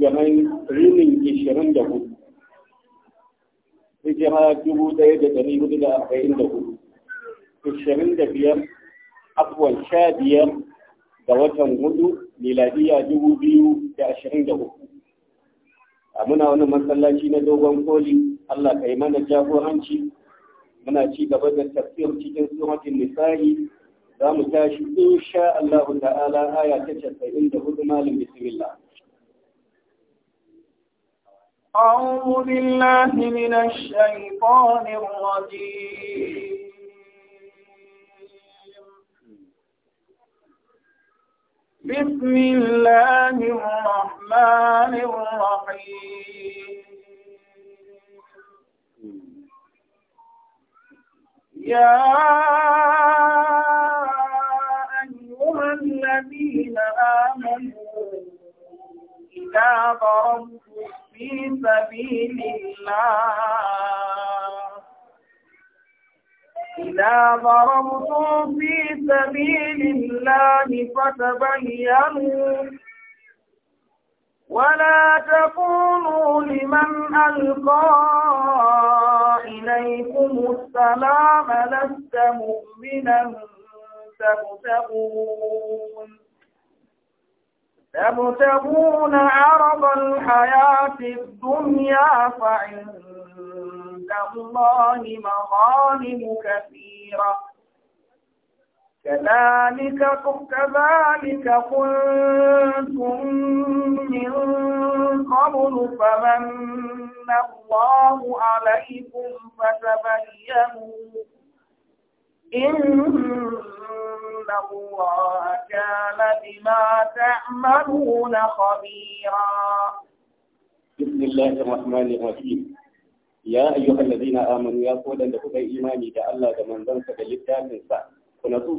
kenan rinin ishirin da hudu hijira dubu ɗaya da ɗari hudu da arba'in da hudu ishirin da biyar afuwan sha biyar ga watan hudu miladiya dubu biyu da ashirin da hudu. a muna wani masallaci na dogon koli Allah ka yi mana jagoranci muna ci gaba da tafiyar cikin suratul nisa'i za mu tashi insha Allah ta'ala aya ta 94 malam bismillah أعوذ بالله من الشيطان الرجيم بسم الله الرحمن الرحيم يا أيها الذين آمنوا إذا ضربتم في سبيل الله إذا ضربتم في سبيل الله فتبينوا ولا تقولوا لمن ألقى إليكم السلام لست مؤمنا تبتغون يبتغون عرض الحياة الدنيا فعند الله مغانم كثيرة كذلك كذلك كنتم من قبل فمن الله عليكم فتبينوا إن إن الله كان بما تعملون خبيرا بسم الله الرحمن الرحيم يا أيها الذين آمنوا يا قولا لكم إيماني دا الله دا من ذنك دا لتابنسا كنتو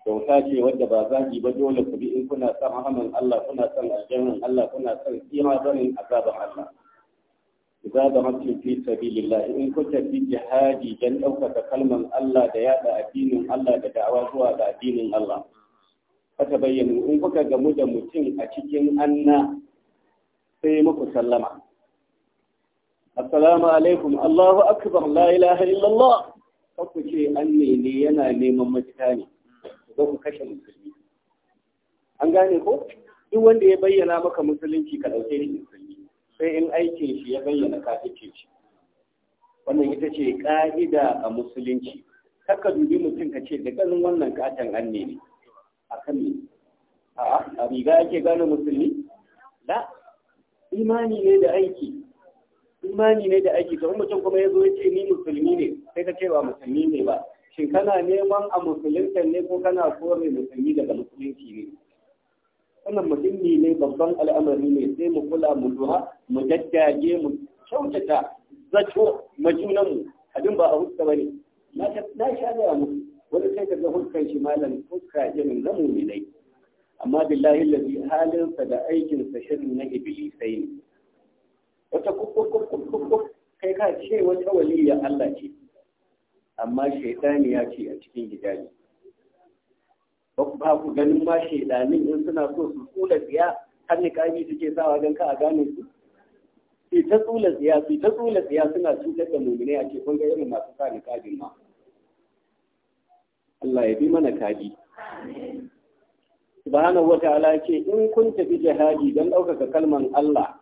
kyauta ce wadda ba zaki ba dole ku bi in kuna son rahaman Allah kuna son aljannan Allah kuna son tsira zanin azaban Allah za da mutum fi sabilillah in kuka fi jihadi don ɗaukaka kalman Allah da yada addinin Allah da da'awa zuwa ga addinin Allah aka bayyana in kuka gamu da mutum a cikin anna sai muku sallama assalamu alaikum Allahu akbar la ilaha illallah ku ce an ne yana neman mafita ne zo ku kashe musulmi an gane ko duk wanda ya bayyana maka musulunci ka dauke shi musulmi sai in aikin shi ya bayyana kafircin shi wannan ita ce ƙa'ida a musulunci ka dubi mutum ka ce da ganin wannan katon an ne a kan ne a riga ake gane musulmi da imani ne da aiki imani ne da aiki kamar mutum kuma ya zo ya ce ni musulmi ne sai ka ce ba musulmi ne ba shin kana neman a musulunta ne ko kana kore musulmi daga musulunci ne wannan muhimmi ne babban al'amari ne sai mu kula mu duha mu jajjage mu kyautata zato majunanmu abin ba a huska ba ne na sha gaya mu wani sai ka ga huskan shi malam huska irin na muminai amma billahi lazi halinsa da aikinsa shirin na ibilisai ne wata kukkukkukkuk kai ka ce wata waliya Allah ce amma shaitani ya ce a cikin gidaje. ba ku ganin ma shaidanin in suna so su tsula tsiya har niƙami suke sawa don ka a gane su su ta tsula tsiya su ta tsula tsiya suna cutar da mummune a cikin ga irin masu sa niƙabin ma Allah ya bi mana kaji subhanahu wa ta'ala ce in kun tafi jihadi don ɗaukaka kalman Allah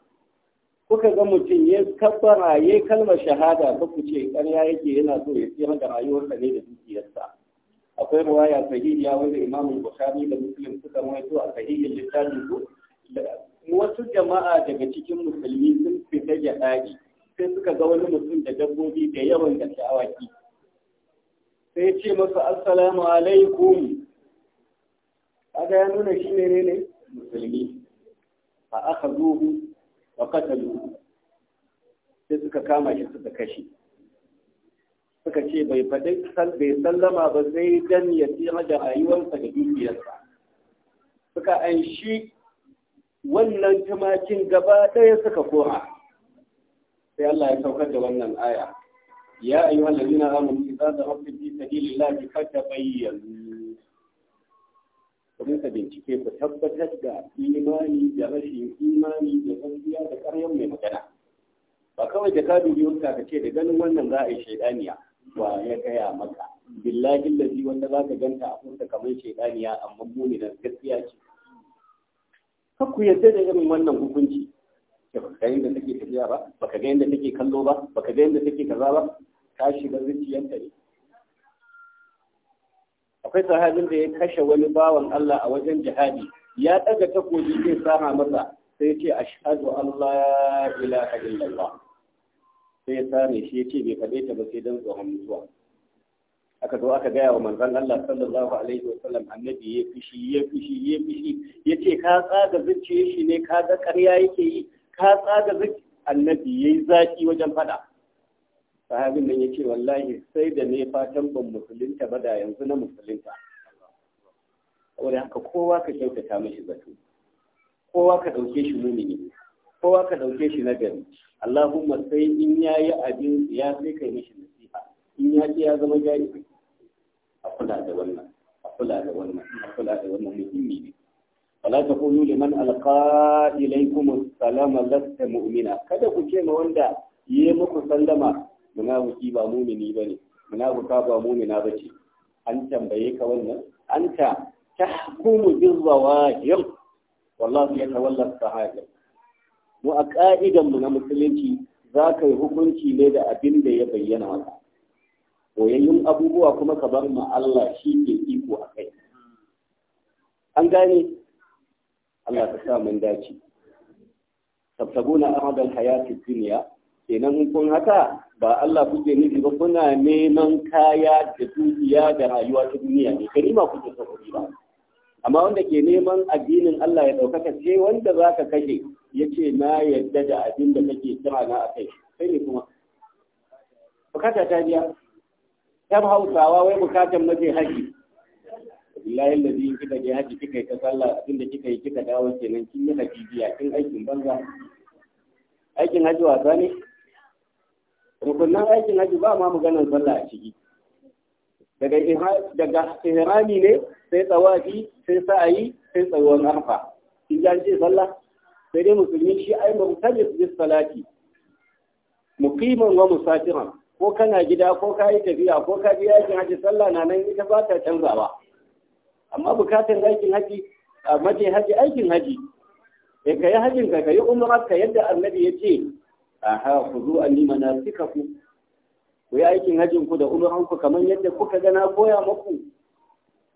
kuka ga mutum ya kabbara ya kalmar shahada ba ku ce ƙarya yake yana so ya tsira da rayuwarsa ne da dukiyarsa akwai ruwaya sahihiya wanda imamu bukhari da muslim suka rawaito a sahihin littafin su wasu jama'a daga cikin musulmi sun fita gyaɗaɗi sai suka ga wani mutum da dabbobi da yawan da awaki sai ce masa assalamu alaikum kaga ya nuna shi ne ne musulmi a aka zuhu wa katalu sai suka kama shi suka kashe suka ce bai faɗi bai sallama ba sai dan ya tsira da rayuwarsa da dukiyarsa suka an shi wannan tumakin gaba ɗaya suka kora sai Allah ya saukar da wannan aya ya ayyuhal ladina amanu idza darabtum fi sabilillahi fatabayyanu kuma ka bincike ku tabbatar da imani da rashin imani da gaskiya da ƙaryar mai magana ba kawai da ka dubi wuta ka ce da ganin wannan za a yi shaidaniya wa ya gaya maka billahi lazi wanda za ka ganta a kunta kamar shaidaniya amma muminar gaskiya ce ka ku yadda da irin wannan hukunci da baka ga yadda take tafiya ba baka ga yadda take kallo ba baka ga yadda take kaza ba Ka shiga zuciyarta ne akwai sahabin da ya kashe wani bawan Allah a wajen jihadi ya daga takobi zai sama masa sai ce ashhadu an la ilaha illallah sai ya tsare shi ya ce bai faɗe ta ba sai don tsohon mutuwa aka zo aka gaya wa manzon Allah sallallahu alaihi wasallam annabi ya fishi ya fishi ya fishi ya ce ka tsaga zuciyar shi ne ka ga ƙarya yake yi ka tsaga zuci annabi ya yi zaƙi wajen faɗa sahabin nan ya ce wallahi sai da ne fatan ban musulunta ba da yanzu na musulunta saboda haka kowa ka kyautata mashi zato kowa ka ɗauke shi mumini kowa ka ɗauke shi nagari Allahumma sai in ya yi abin ya sai kai mishi nasiha in ya ce ya zama jari a kula da wannan a kula da wannan a kula da wannan muhimmi ne wala ta kullu liman alqa ilaykum salama lasta mu'mina kada ku ce ma wanda yi muku sallama munafiki ba mu'mini bane munafika ba mu'mina bace an tambaye ka wannan anta tahkumu bil zawahir wallahu yatawalla as mu a ƙa'idanmu na musulunci za ka yi hukunci ne da abin da ya bayyana maka koyayyun abubuwa kuma ka bar ma Allah shi ke iko a kai an gane Allah ka sa mun dace na amadar hayati Duniya, kenan kun haka ba Allah kuke nufi ba kuna neman kaya da dukiya da rayuwa ta duniya ne kalima kuke kuɗi ba amma wanda ke neman addinin Allah ya ɗaukaka sai wanda za ka kashe ya ce na yadda da abin da kake kira na akai sai ne kuma bukata ta biya ta hausawa wai bukatan mace haji billahi lazi kika je haji kika yi ta sallah abin da kika yi kika dawo kenan kin yi biya kin aikin banza aikin haji wasa ne rukunan aikin haji ba ma maganar sallah a ciki daga ihrami ne sai tsawafi sai sa'ayi sai tsawon arfa in ji an sallah sai dai musulmi shi ai mumtajis bis salati muqiman wa musafiran ko kana gida ko ka yi tafiya ko ka je yakin haji sallah na nan ita ba ta canza ba. amma bukatan aikin haji a maje haji aikin haji sai eh, ka yi hajin ka yi umra ka yadda annabi ya ce aha ku zo an nima na ku ku yi aikin hajin ku da umran ku kamar yadda kuka gana koya muku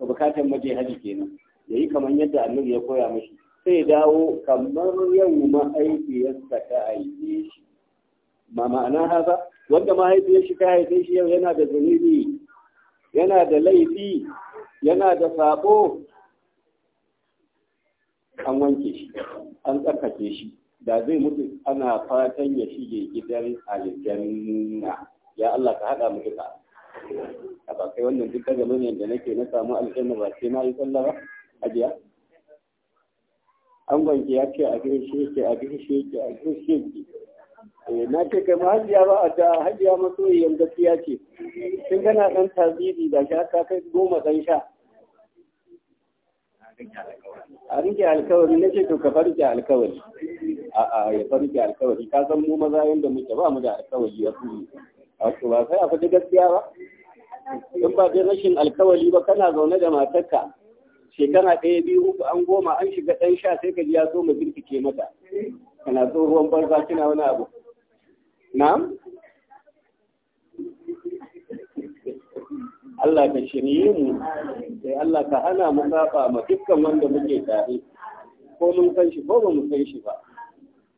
bukatun bukatan maje haji kenan yayi kamar yadda annabi ya koya mishi sai dawo kamar yau mahaifiyarsa ta haife shi ma ma'ana haka wanda mahaifiyar shi ta haife shi yau yana da zunubi yana da laifi yana da sabo an wanke shi an tsarkake shi da zai mutu ana fatan ya shige gidan aljanna ya Allah ka haɗa mutu ka. a ba wannan duk daga da nake na samu aljanna ba sai na yi sallah ba ajiya angon ki ya ce a shi ke, a shi ke, a gaishe ki eh, na ce kai ma hajiya ba a da hajiya masoyiyan gaskiya ce tun gana dan tasiri da shi aka kai goma dan sha a rike alkawari na ce to ka farke alkawari a'a ya farke alkawari ka san mu maza yanda muke ba mu da alkawari ya A su ba sai a fita gaskiya ba in ba dai rashin alkawari ba kana zaune da matarka shekara ɗaya biyu uku an goma an shiga ɗan sha sai ka ji ya ma mu ke mata kana ruwan barza kina wani abu na'am Allah ka shirye mu sai Allah ka hana mu saba ma dukkan wanda muke tare ko mun san shi ko ba mu san shi ba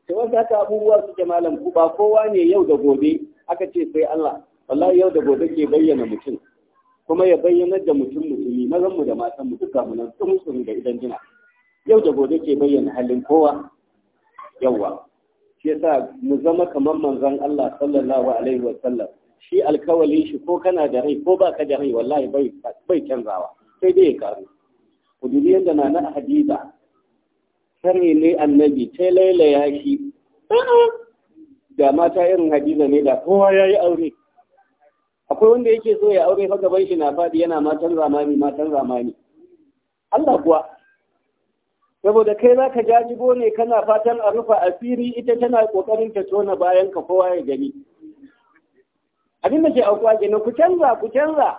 to wanda haka abubuwa suke malam ku ba kowa ne yau da gobe aka ce sai Allah wallahi yau da gobe ke bayyana mutum kuma ya bayyana da mutum mu. Mazan mu da matanmu duka mu nan tsuntsun da idan jina yau da gobe ke bayyana halin kowa yawa shi yasa mu zama kamar manzon Allah sallallahu alaihi wa sallam shi alkawalin shi ko kana da rai ko baka da rai wallahi bai bai canzawa sai dai ya karu ku dubi yadda na na hadiza sare ne annabi ta lailaya shi da mata irin hadiza ne da kowa yayi aure akwai wanda yake so ya aure fa gaban shi na faɗi yana matan zamani matan zamani Allah kuwa saboda kai za ka jajibo ne kana fatan a rufa asiri ita tana kokarin ta tona bayan ka kowa ya gani abin da ke aukuwa kenan ku canza ku canza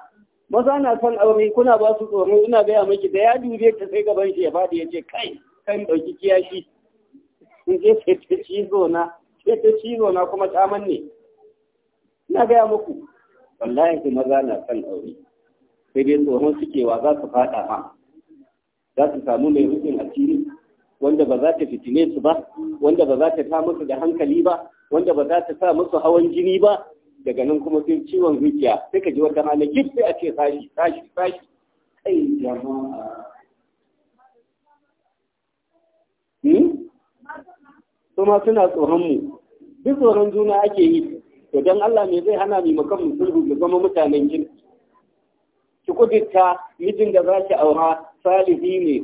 maza na son aure kuna ba su tsoro ina gaya miki da ya dube ta sai gaban shi ya faɗi ya ce kai kan ɗauki kiyashi in je ta cizo na ta cizo na kuma ta manne ina gaya muku wallahi kuma za na son aure sai dai tsoron sukewa za su fada ma za su samu mai rufin asiri wanda ba za ta fitine su ba wanda ba za ta ta musu da hankali ba wanda ba za ta sa musu hawan jini ba daga nan kuma sai ciwon zuciya sai ka ji wata hana gif sai a ce sashi sashi sashi kai jama'a hmm? su ma suna tsoron mu duk tsoron juna ake yi to don Allah ne zai hana mu kan musulmi mu zama mutanen kirki ki kudita mijin da za ki aura salihi ne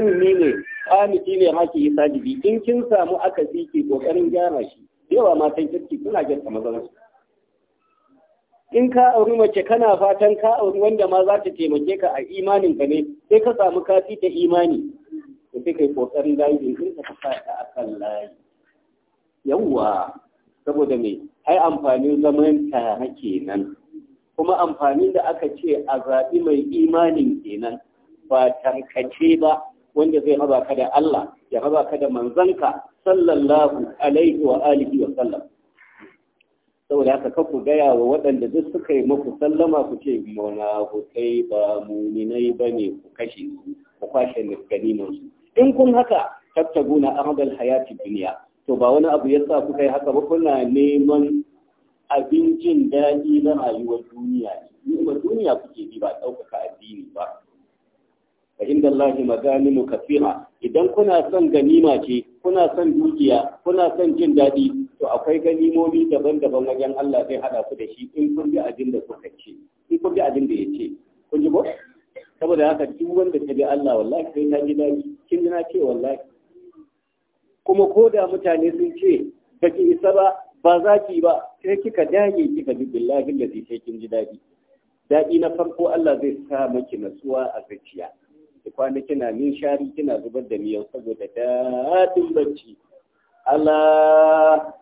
mumini ne qaniti ne haki yi sadibi in kin samu aka ki kokarin gyara shi yawa matan kirki kuna gyara mazan in ka auri mace kana fatan ka auri wanda ma za ta taimake ka a imanin ka ne sai ka samu kafi ta imani da sai kai kokarin dangin in ka sa ta akan layi yawa saboda me ai amfanin zaman tare kenan kuma amfanin da aka ce a zaɓi mai imanin kenan ba tankace ba wanda zai raba ka da Allah ya raba ka da manzanka sallallahu alaihi wa alihi wa sallam saboda haka ka ku gaya wa waɗanda duk suka yi muku sallama ku ce munafukai ba muminai ba ne ku kashe su ku kwashe ganimansu in kun haka tattabuna ahadal hayati duniya to ba wani abu yasa kuka yi haka ba kuna neman abincin daɗi na rayuwar duniya ne ba duniya kuke bi ba ɗaukaka addini ba fa inda Allah maganimu kafira idan kuna son ganima ce kuna son dukiya kuna son jin daɗi to akwai ganimomi daban-daban wajen Allah zai hada ku da shi in kun bi abin da kuka ce in kun bi abin da ya ce kun ji ko saboda haka duk wanda ta bi Allah wallahi sai ta ji daɗi kin ji na ce wallahi kuma ko da mutane sun ce ki isa ba ba za ki ba sai kika dage kika bi billahi lazi sai kin ji dadi dadi na farko Allah zai sa miki natsuwa a zuciya ki kwana kina min shari kina zubar da miyau saboda dadin bacci Allah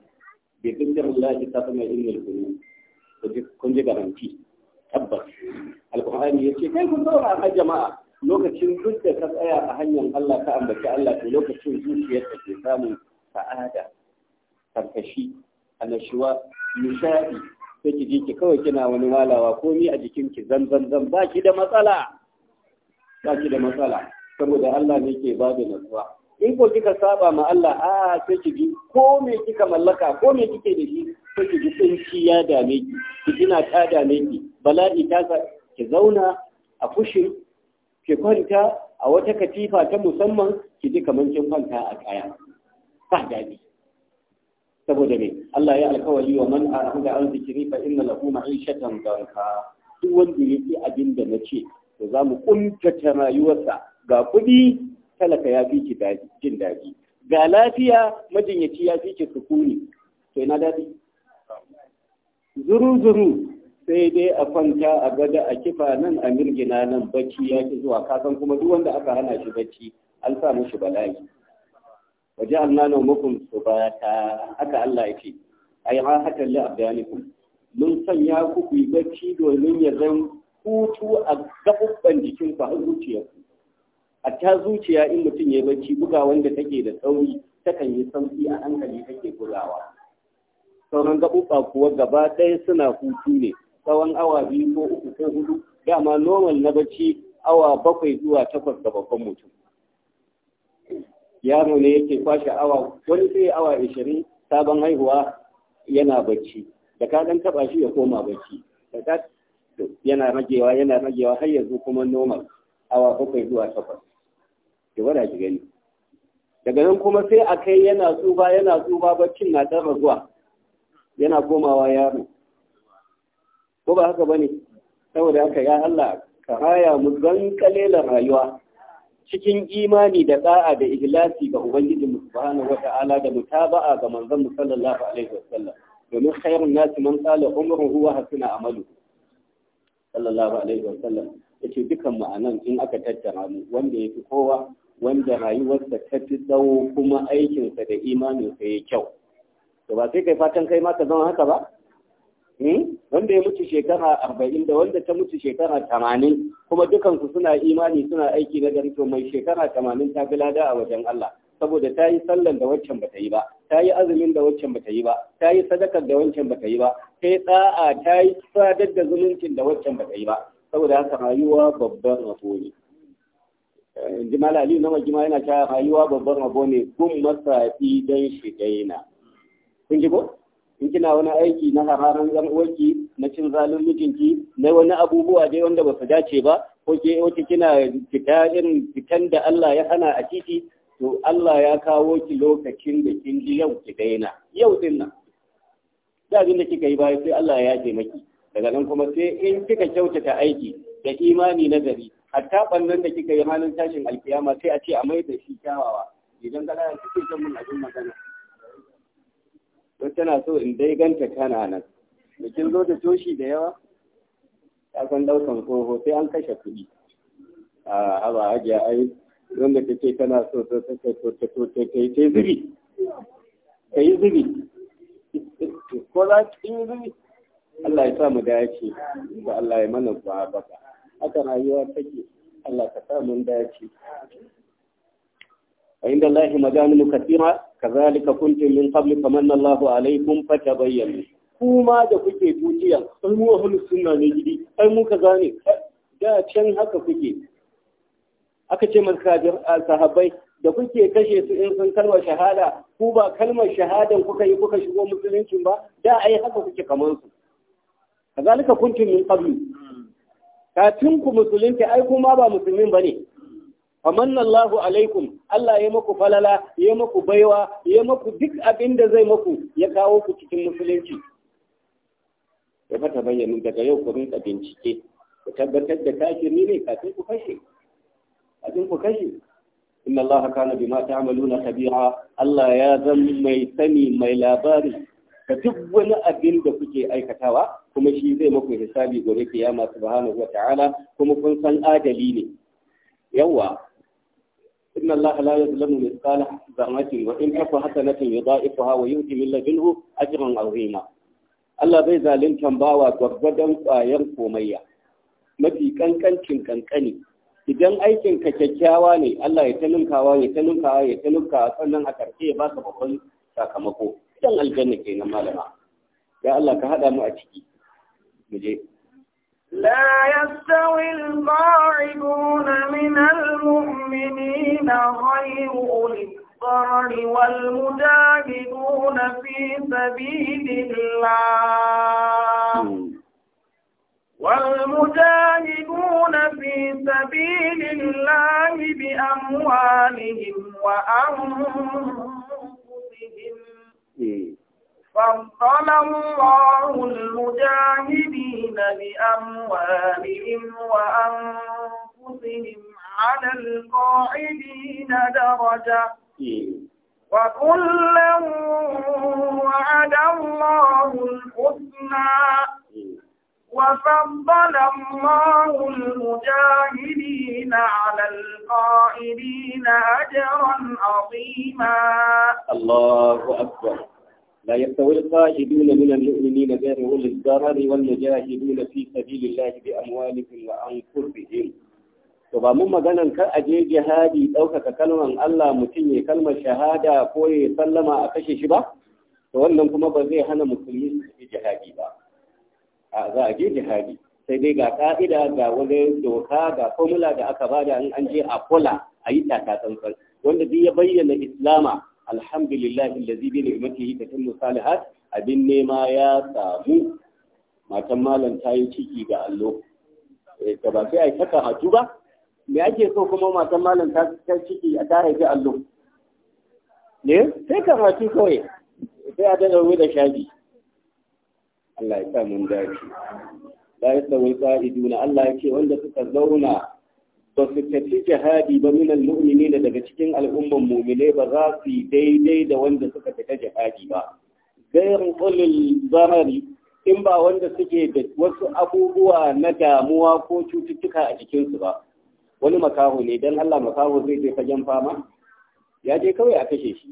bi billahi ta kuma innal qulub kun ji garanti tabbas alqur'ani yace kai kun zauna a jama'a lokacin duk da ka tsaya a hanyar Allah ka ambaci Allah to lokacin zuciyar ke samun sa'ada karkashi annashuwa nishadi sai ki je kawai kina wani walawa Ko ni a jikin ki zan zan zan ba ki da matsala ba ki da matsala saboda Allah ne ke ba da nutsuwa in ko kika saba ma Allah a sai ki ji ko me kika mallaka ko me kike da shi sai ki ji shi ya dame ki ki gina ta dame ki bala'i ta ki zauna a fushin Ke kwanta a wata katifa ta musamman ki ji kamar kin kwanta a kaya ba daɗi saboda me Allah ya alkawali wa man da an zikri fa inna lahu ma'ishatan danka duk wanda yake abin da nace to za mu kuntata rayuwarsa ga kuɗi talaka ya fi ki jin daɗi ga lafiya majinyaci ya fi ki sukuni to ina daɗi zuru zuru sai dai a kwanta a gada a kifa nan a mirgina nan bacci ya ki zuwa kasan kuma duk wanda aka hana shi bacci an sa mushi bala'i waje Allah nana mukum su ba ta haka Allah ya ce ai ha haka li abdanikum mun sanya ku ku yi bacci domin ya zan hutu a gabban jikin ku har zuciyar a ta zuciya in mutum ya bacci buga wanda take da tsauri takan yi sauki a hankali take bugawa sauran gabuɓa kuwa gaba ɗaya suna hutu ne tsawon awa biyu ko uku ko hudu dama normal na bacci awa bakwai zuwa takwas ga babban mutum yaro ne yake kwashe awa wani sai awa ishirin sabon haihuwa yana bacci da ka dan taba shi ya koma bacci da ka yana ragewa yana ragewa har yanzu kuma normal awa bakwai zuwa takwas ki wada ki gani daga nan kuma sai a kai yana tsufa yana tsufa baccin na ta zuwa, yana komawa yaro ko ba haka bane saboda haka ya Allah ka raya mu zan kalelan rayuwa cikin imani da da'a da ihlasi ga ubangiji subhanahu ta'ala da mutaba'a ga manzon mu sallallahu alaihi wasallam domin khairun nasi man qala umruhu wa hasuna amalu sallallahu alaihi wasallam yace dukan mu in aka tattara mu wanda yafi kowa wanda rayuwarsa ta fi tsawo kuma aikinsa da imaninsa ya kyau to ba sai kai fatan kai ma ka zama haka ba Hmm? wanda ya mutu shekara arba'in da wanda ta mutu shekara tamanin kuma dukansu suna imani suna aiki na gari to mai shekara tamanin ta fi lada a wajen Allah saboda ta yi sallan da waccan bata yi ba ta yi azumin da waccan bata yi ba ta yi sadakar da waccan bata yi ba ta yi tsa'a ta yi sadar da zumuncin da waccan bata yi ba saboda haka rayuwa babban rabo ne eh, jimala aliyu na majima yana cewa rayuwa babban rabo ne gun masa idan shi daina kun ji ko in kina wani aiki na hararan yan uwarki na cin zalin mijinki na wani abubuwa dai wanda ba su dace ba ko ke wace kina fita irin fitan da Allah ya hana a titi to Allah ya kawo ki lokacin da kin ji yau ki daina yau din nan da abin da kika yi baya sai Allah ya taimaki daga nan kuma sai in kika kyautata aiki da imani na gari hatta bannan da kika yi halin tashin alkiyama sai a ce a mai da shi kyawawa idan kana cikin mun abin magana ko tana so in dai ganta kana nan bikin zo da toshi da yawa ya san daukan koho sai an kashe kuɗi a haba hajiya ai wanda ta ce tana so so ta ce to ta to ta yi yi zubi ka yi zubi ko za ki yi zubi Allah ya sa mu dace ba Allah ya mana ba haka rayuwa take Allah ka sa mun dace عند الله مجانن كثيرة كذلك كنتم من قبل فمن الله عليكم فتبينوا kuma da kuke tutiya ai mu ahlus sunna ne gidi ai mu kaza ne da can haka kuke aka ce masajir sahabbai da kuke kashe su in sun kalmar shahada ku ba kalmar shahadan kuka yi kuka shigo musuluncin ba da ai haka kuke kamar su kazalika kuntum min qablu kafin ku musulunci ai kuma ba musulmin bane famanna Allahu alaikum Allah ya maku falala ya maku baiwa ya maku duk abin da zai maku ya kawo ku cikin musulunci ya fata bayyana daga yau kurin rinka bincike ku tabbatar da ni ne kafin ku kashe kafin ku kashe inna Allah kana bima ta'maluna khabira Allah ya zama mai sani mai labari ka duk wani abin da kuke aikatawa kuma shi zai muku hisabi gobe kiyama subhanahu wa ta'ala kuma kun san adali ne yawa إن الله لا يظلم مثقال ذرة وإن تك حسنة يضاعفها ويؤتي من لدنه أجرا عظيما الله بي ظالمتن باوا غرغدن قاyan komayya mafi kankancin kankani idan aikin ka kyakkyawa ne Allah ya tanunkawa ya tanunkawa ya tanunkawa sannan a karshe ya baka babban sakamako idan aljanna kenan malama ya Allah ka haɗa mu a ciki mu je لا يستوي القاعدون من المؤمنين غير أولي الضرر والمجاهدون في سبيل الله والمجاهدون في سبيل الله بأموالهم وأنفسهم فضل الله المجاهدين بأموالهم وأنفسهم على القاعدين درجة وكلا وعد الله الحسنى وفضل الله المجاهدين على القائدين أجرا عظيما الله أكبر لا يستوي القاعدون من المؤمنين غير اولي الضرر والمجاهدون في سبيل الله باموالهم وانفسهم to ba mun maganan kar a je jihadi ɗaukaka kalmar Allah mutum ya kalmar shahada ko ya sallama a kashe shi ba to wannan kuma ba zai hana musulmi su je jihadi ba a za a je jihadi sai dai ga ka'ida ga wani doka ga formula da aka bada in an je a kula a yi taka tsantsan wanda zai ya bayyana islama alhamdulillah allazi bi ni'matihi tatimmu salihat abin nema ya samu matan malam ta yi ciki ga allo da eh, ba sai a yi saka hatu ba me ake so kuma matan malam ta ciki a ta haifi allo ne sai karatu kawai sai a daga ruwa da shaji Allah ya sa mun dace la yastawil qa'iduna Allah ya ce wanda suka zauna ba su tafi jihadi ba minal mu'mini da daga cikin al'umman mu'mine ba za su yi daidai da wanda suka fita jihadi ba gairin ulul zarari in ba wanda suke da wasu abubuwa na damuwa ko cututtuka a jikinsu ba wani makaho ne don Allah makaho zai je fagen fama ya je kawai a kashe shi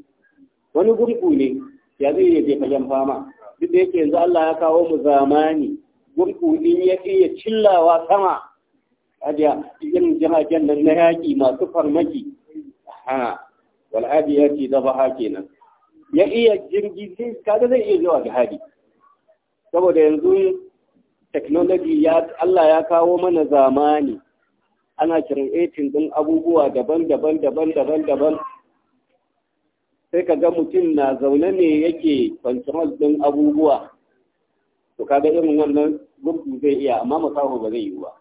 wani gurgu ne ya zai je fagen fama duk da yake yanzu Allah ya kawo mu zamani gurgu din ya iya cillawa sama hadiya irin jiragen nan na yaƙi masu farmaki ha wal'adi ya ce hake nan. ya iya jirgi kaga zai iya zuwa jihadi saboda yanzu technology ya Allah ya kawo mana zamani ana creating din abubuwa daban-daban daban-daban daban sai ka ga mutum na zaune ne yake control din abubuwa to kaga irin wannan gurgu zai iya amma musahu ba zai yi ba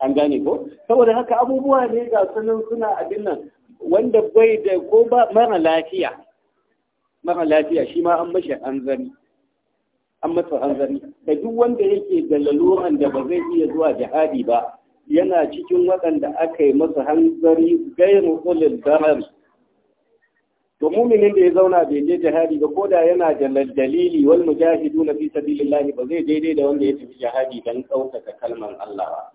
an gane ko saboda haka abubuwa ne ga sunan suna abin nan wanda bai da ko ba mara lafiya mara lafiya shi ma an mashi hanzari an masa hanzari da duk wanda yake da laluran da ba zai iya zuwa jihadi ba yana cikin waɗanda aka yi masa hanzari gairu ulil darar to muminin da ya zauna bai je jihadi ba koda yana da dalili wal na fi sabilillah ba zai daidai da wanda ya tafi jihadi dan ɗaukaka kalmar Allah ba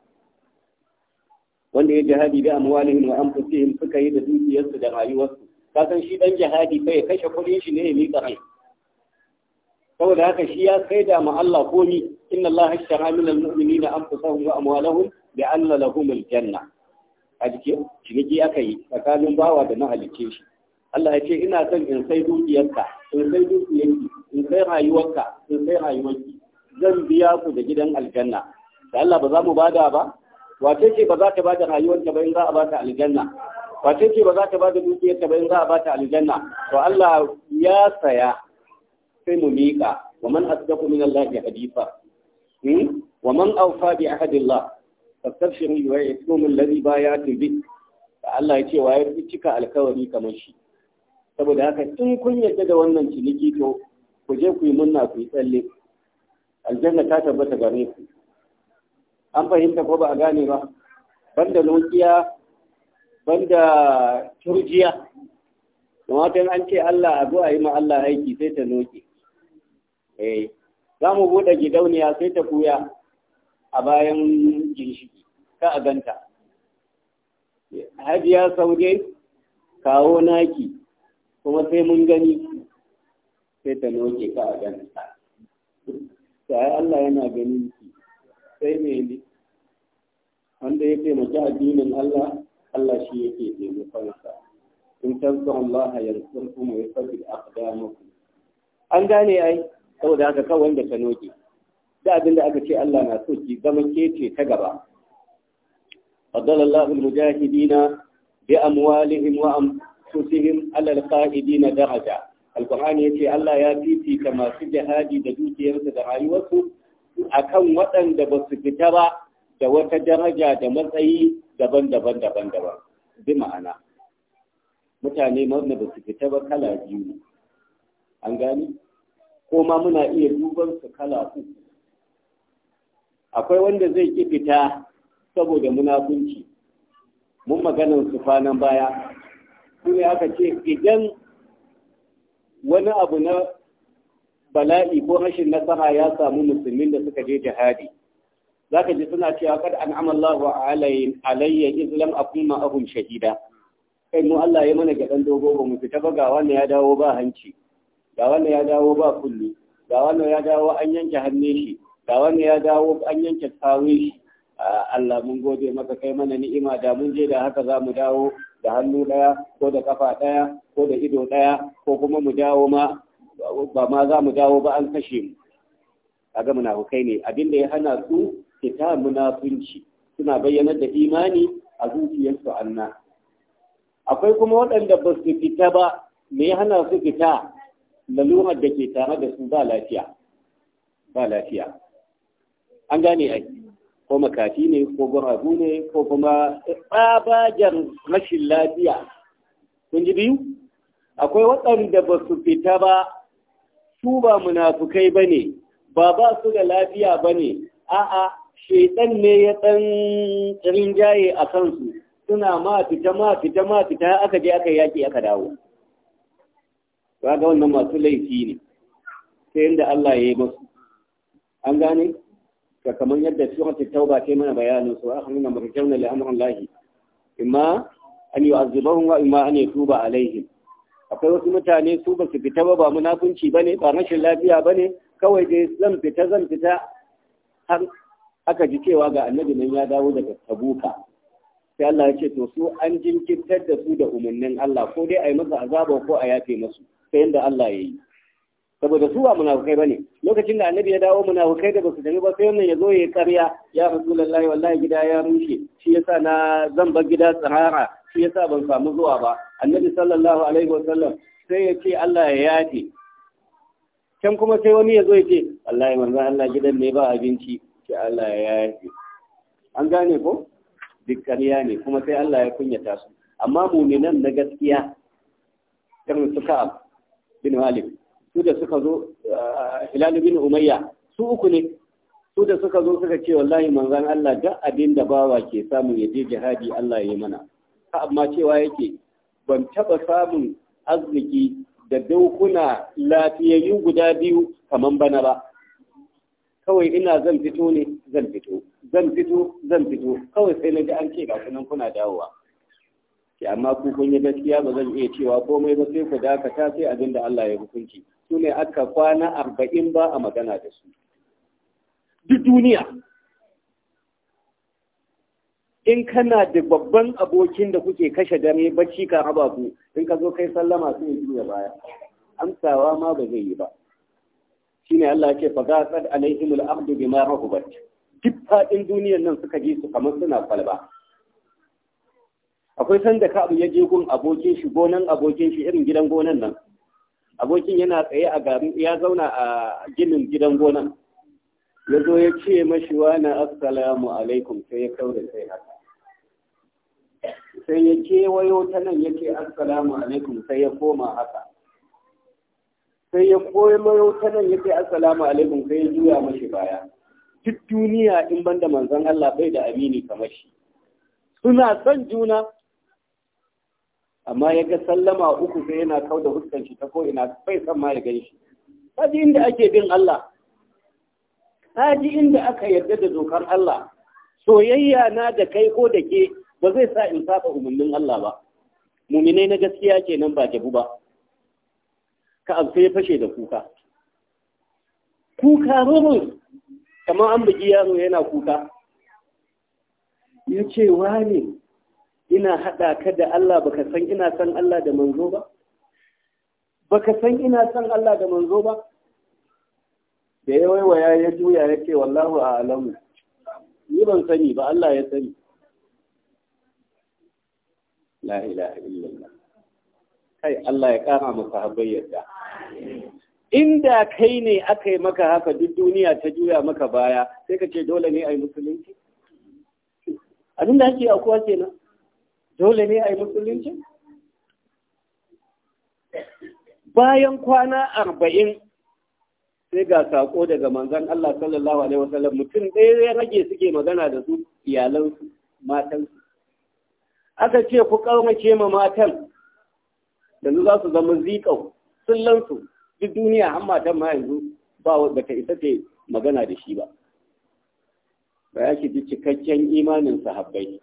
wanda ya jihadi bi amwalihim wa anfusihim suka yi da dukiyarsu da rayuwarsu ka san shi dan jihadi fa ya kashe kuɗin shi ne ya miƙa rai saboda haka shi ya saida ma Allah komi inna Allah ashtara min al-muhimmi almu'minina anfusahum wa amwalahum bi anna lahum aljanna a jike ciniki aka yi tsakanin bawa da mahalicce shi Allah ya ce ina son in sai dukiyarka in sai dukiyarki in sai rayuwarka in sai rayuwarki zan biya ku da gidan aljanna da Allah ba za mu bada ba wace ce ba za ta ba da rayuwarta ba in za a ba ta aljanna wace ce ba za ta ba da dukiyarta ba in za a ba ta aljanna to Allah ya saya sai mu miƙa wa man asdaqu min Allah hadisa hmm wa man awfa bi ahadillah fastabshiru wa yatumu alladhi bayatu bi Allah ya ce wa ya cika alkawari kamar shi saboda haka in kun yarda da wannan ciniki to ku je ku yi munna ku yi tsalle aljanna ta tabbata gare ku an fahimta ko ba a gane ba banda lokiya banda turjiya kamatan an ce Allah a zuwa a yi ma Allah aiki sai ta noke eh za mu buɗe gidauniya sai ta kuya a bayan ginshiki ka a ganta hajiya saude kawo naki kuma sai mun gani sai ta noke ka a ganta sai Allah yana gani sai mai ne wanda ya taimaki addinin Allah Allah shi yake taimakonsa in tanzu Allah ya kuma ya aqdamukum an gane ai saboda haka kawai wanda ta noke da abin da aka ce Allah na so ki zama kece ta gaba faddala Allahu mujahidina bi amwalihim wa amfusihim ala al daraja alqur'ani yace Allah ya fifita masu jihadi da dukiyarsa da rayuwarsu akan waɗanda ba su fita ba da wata daraja da matsayi daban-daban daban-daban bi ma'ana mutane mazna ba su fita ba kala biyu ne an gani ko ma muna iya duban su kala uku akwai wanda zai ki fita saboda munafunci mun maganar su fanan baya kuma aka ce idan wani abu na bala'i ko rashin nasara ya samu musulmin da suka je jihadi za ka ji suna cewa kada an amallahu alayya islam a kuma ahun shahida kai mu Allah ya mana gaɗan dogo ba mu fita ba ga wannan ya dawo ba hanci ga wannan ya dawo ba kulli ga wannan ya dawo an yanke hannun shi ga wannan ya dawo an yanke kawun shi Allah mun gode maka kai mana ni'ima da mun je da haka za mu dawo da hannu ɗaya ko da kafa ɗaya ko da ido ɗaya ko kuma mu dawo ma ba ma za mu dawo ba an kashe mu kaga munafukai ne abinda ya hana su fita munafunci suna bayyanar da imani a zuciyarsu anna akwai kuma waɗanda ba su fita ba me ya hana su fita lalurar da ke tare da su ba lafiya ba lafiya an gane ai ko makafi ne ko guragu ne ko kuma tsabajar rashin lafiya kun ji biyu akwai waɗanda ba su fita ba su ba munafukai ba ne ba ba su da lafiya ba ne a'a shaitan ne ya ɗan jaye a kansu suna ma fita ma fita ma fita aka je aka yaƙi aka dawo Ba ga wannan masu laifi ne sai inda Allah ya yi masu an gane ka kamar yadda suratul ba ta mana bayanin su aka nuna marjana na amrin lahi imma an yu'azzibahum wa imma an yatuba alaihim akwai wasu mutane su ba su fita ba ba munafunci ba ne ba rashin lafiya ba ne kawai dai zan fita zan fita har aka ji cewa ga annabi nan ya dawo daga tabuka sai Allah ya ce to su an jinkirtar da su da umarnin Allah ko dai a yi masa azaba ko a yafe masu sai yadda Allah ya yi saboda su ba munafukai ne lokacin da annabi ya dawo munafukai da basu tafi ba sai wannan ya zo ya karya ya rasulullahi wallahi gida ya rushe shi yasa na zan bar gida tsahara shi yasa ban samu zuwa ba annabi sallallahu alaihi wasallam sai ya ce Allah ya yafe can kuma sai wani ya zo ya ce wallahi manzo Allah gidan ne ba abinci Sai Allah ya yafe an gane ko duk ƙarya ne kuma sai Allah ya kunyata su amma muminan na gaskiya kan suka bin Malik su da suka zo eh, Hilal bin Umayya su uku ne su da suka zo suka ce wallahi manzon Allah duk abin da bawa ke samu ya je jihadi Allah ya yi mana ka amma cewa yake ban taɓa samun arziki da dokuna lafiyayyu guda biyu kamar bana ba kawai ina zan fito ne zan fito zan fito zan fito kawai sai na ji an ce ga kunan kuna dawowa ke amma ku kun yi gaskiya ba zan iya cewa komai ba sai ku dakata sai abin da Allah ya hukunci su ne aka kwana arba'in ba a magana da su duk duniya in kana da babban abokin da kuke kashe dare bacci ka haba ku in ka zo kai sallama su ne juya baya amsawa ma ba zai yi ba shine Allah ya ce fa alaihim al-abdu bima rahubat duk fadin duniyar nan suka ji su kamar suna kwalba akwai sanda ka abu ya je gun abokin shi gonan abokin shi irin gidan gonan nan abokin yana tsaye a garin ya zauna a ginin gidan gonan ya zo ya ce mashi wani assalamu alaikum sai ya kaura sai haka sai ya kewayo ta nan ya ce assalamu alaikum sai ya koma haka sai ya wayo ta nan ya ce assalamu alaikum sai ya juya mashi baya duk duniya in banda manzon Allah bai da amini kamar shi suna son juna amma ya ga sallama uku sai yana kau da huskan shi ta ina bai san ma ya gani shi kaji inda ake bin Allah kaji inda aka yarda da dokar Allah soyayya na da kai ko da ke ba zai sa in saba umarnin Allah ba mumine na gaskiya ke nan ba ke buba, ka amsa ya fashe da kuka kuka rumun, kamar an bugi yaro yana kuka ya ce wa ne? ina haɗa ka da Allah baka san ina san Allah da manzo ba baka san ina san Allah da manzo ba da ya waiwaya ya juya ya ce wallahu a alamu ni ban sani ba Allah ya sani la ilaha illallah kai Allah ya kara maka habai yadda inda kai ne aka yi maka haka duk duniya ta juya maka baya sai ka ce dole ne a yi musulunci abin da ake akuwa kenan dole ne a yi musulunci bayan kwana arba'in sai ga sako daga manzan Allah sallallahu alaihi wasallam mutum ɗaya ya rage suke magana da su iyalansu matansu aka ce ku ƙarmace ma matan da za su zama zikau sullansu duk duniya har matan ma yanzu ba wadda ka isa ta magana da shi ba ba ya ji cikakken imanin sahabbai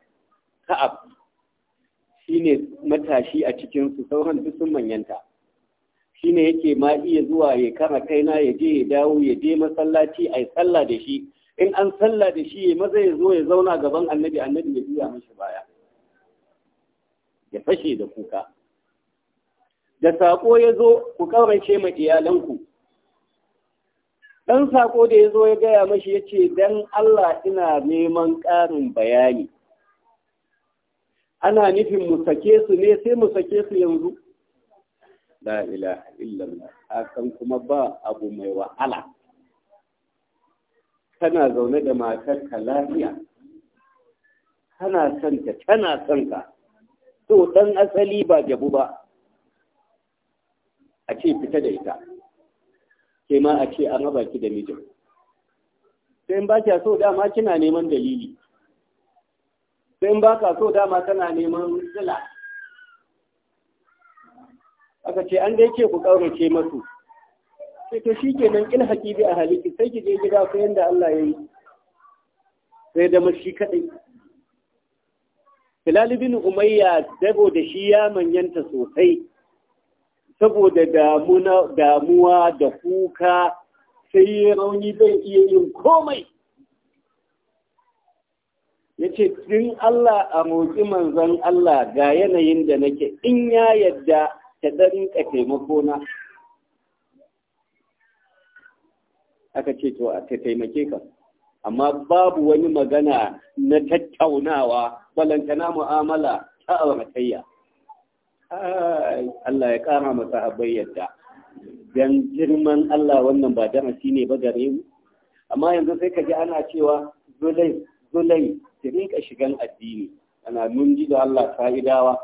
ka'ab ne matashi a cikinsu sauran duk sun manyanta shine yake ma iya zuwa ya kama kaina ya je ya dawo ya je masallaci yi sallah da shi in an sallah da shi maza ya zo ya zauna gaban annabi annabi ya juya mashi baya ya fashe da kuka da saƙo ya zo ku ƙaurace ma iyalanku ɗan saƙo da ya zo ya gaya mashi ya ce Dan Allah ina neman ƙarin bayani ana nufin mu sake su ne sai mu sake su yanzu la ilaha illallah hakan kuma ba abu mai wahala kana zaune da matarka lafiya kana son ta tana son ka so ɗan asali ba jabu ba a ce fita da ita sai ma a ce an raba ki da mijin sai in ba kya so dama kina neman dalili sai in ba ka so dama tana neman sila aka ce an dai ce ku ƙaurace masu sai to shi kenan in haƙi bi a haliki sai ki je gida ku yanda Allah ya yi sai da mashi kaɗai Hilal bin Umayya saboda shi ya manyanta sosai saboda damuwa da kuka sai rauni bai iya yin komai. Ya ce, Tun Allah a motsi manzon Allah ga yanayin da nake in ya yadda ta ka taimakona. Aka ce, To, a taimake ka. amma babu wani magana na tattaunawa balantana mu'amala ta auratayya Allah ya ƙara masa habbai yadda dan girman Allah wannan ba darasi ne ba gare mu amma yanzu sai ka ji ana cewa zulai zulai ki rinka shigan addini ana mun ji da Allah fa'idawa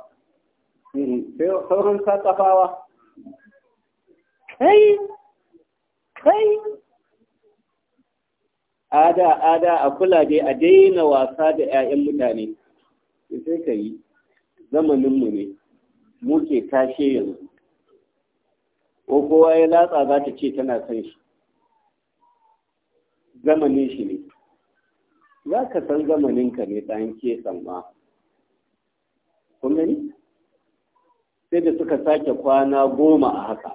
hmm, sai sauran sakafawa kai kai ada ada a kula dai a daina wasa da 'ya'yan mutane sai ka yi zamaninmu ne muke tashe yanzu ko kowa ya latsa za ta ce tana son shi zamanin shi ne za ka san zamaninka ne ɗan kesan ma kun gani sai da suka sake kwana goma a haka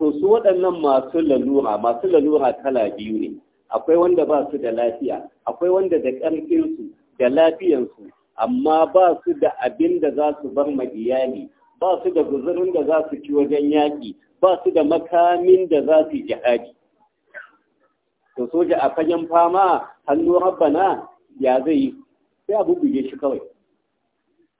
to su waɗannan masu lalura masu lalura kala biyu ne akwai wanda ba su da lafiya akwai wanda da su, da lafiyansu amma ba su da abin da za su bar ma iyali ba su da guzurin da za su ci wajen yaƙi ba su da makamin da za su jihadi to soja a fagen fama hannu rabbana ya zai yi sai abu buge shi kawai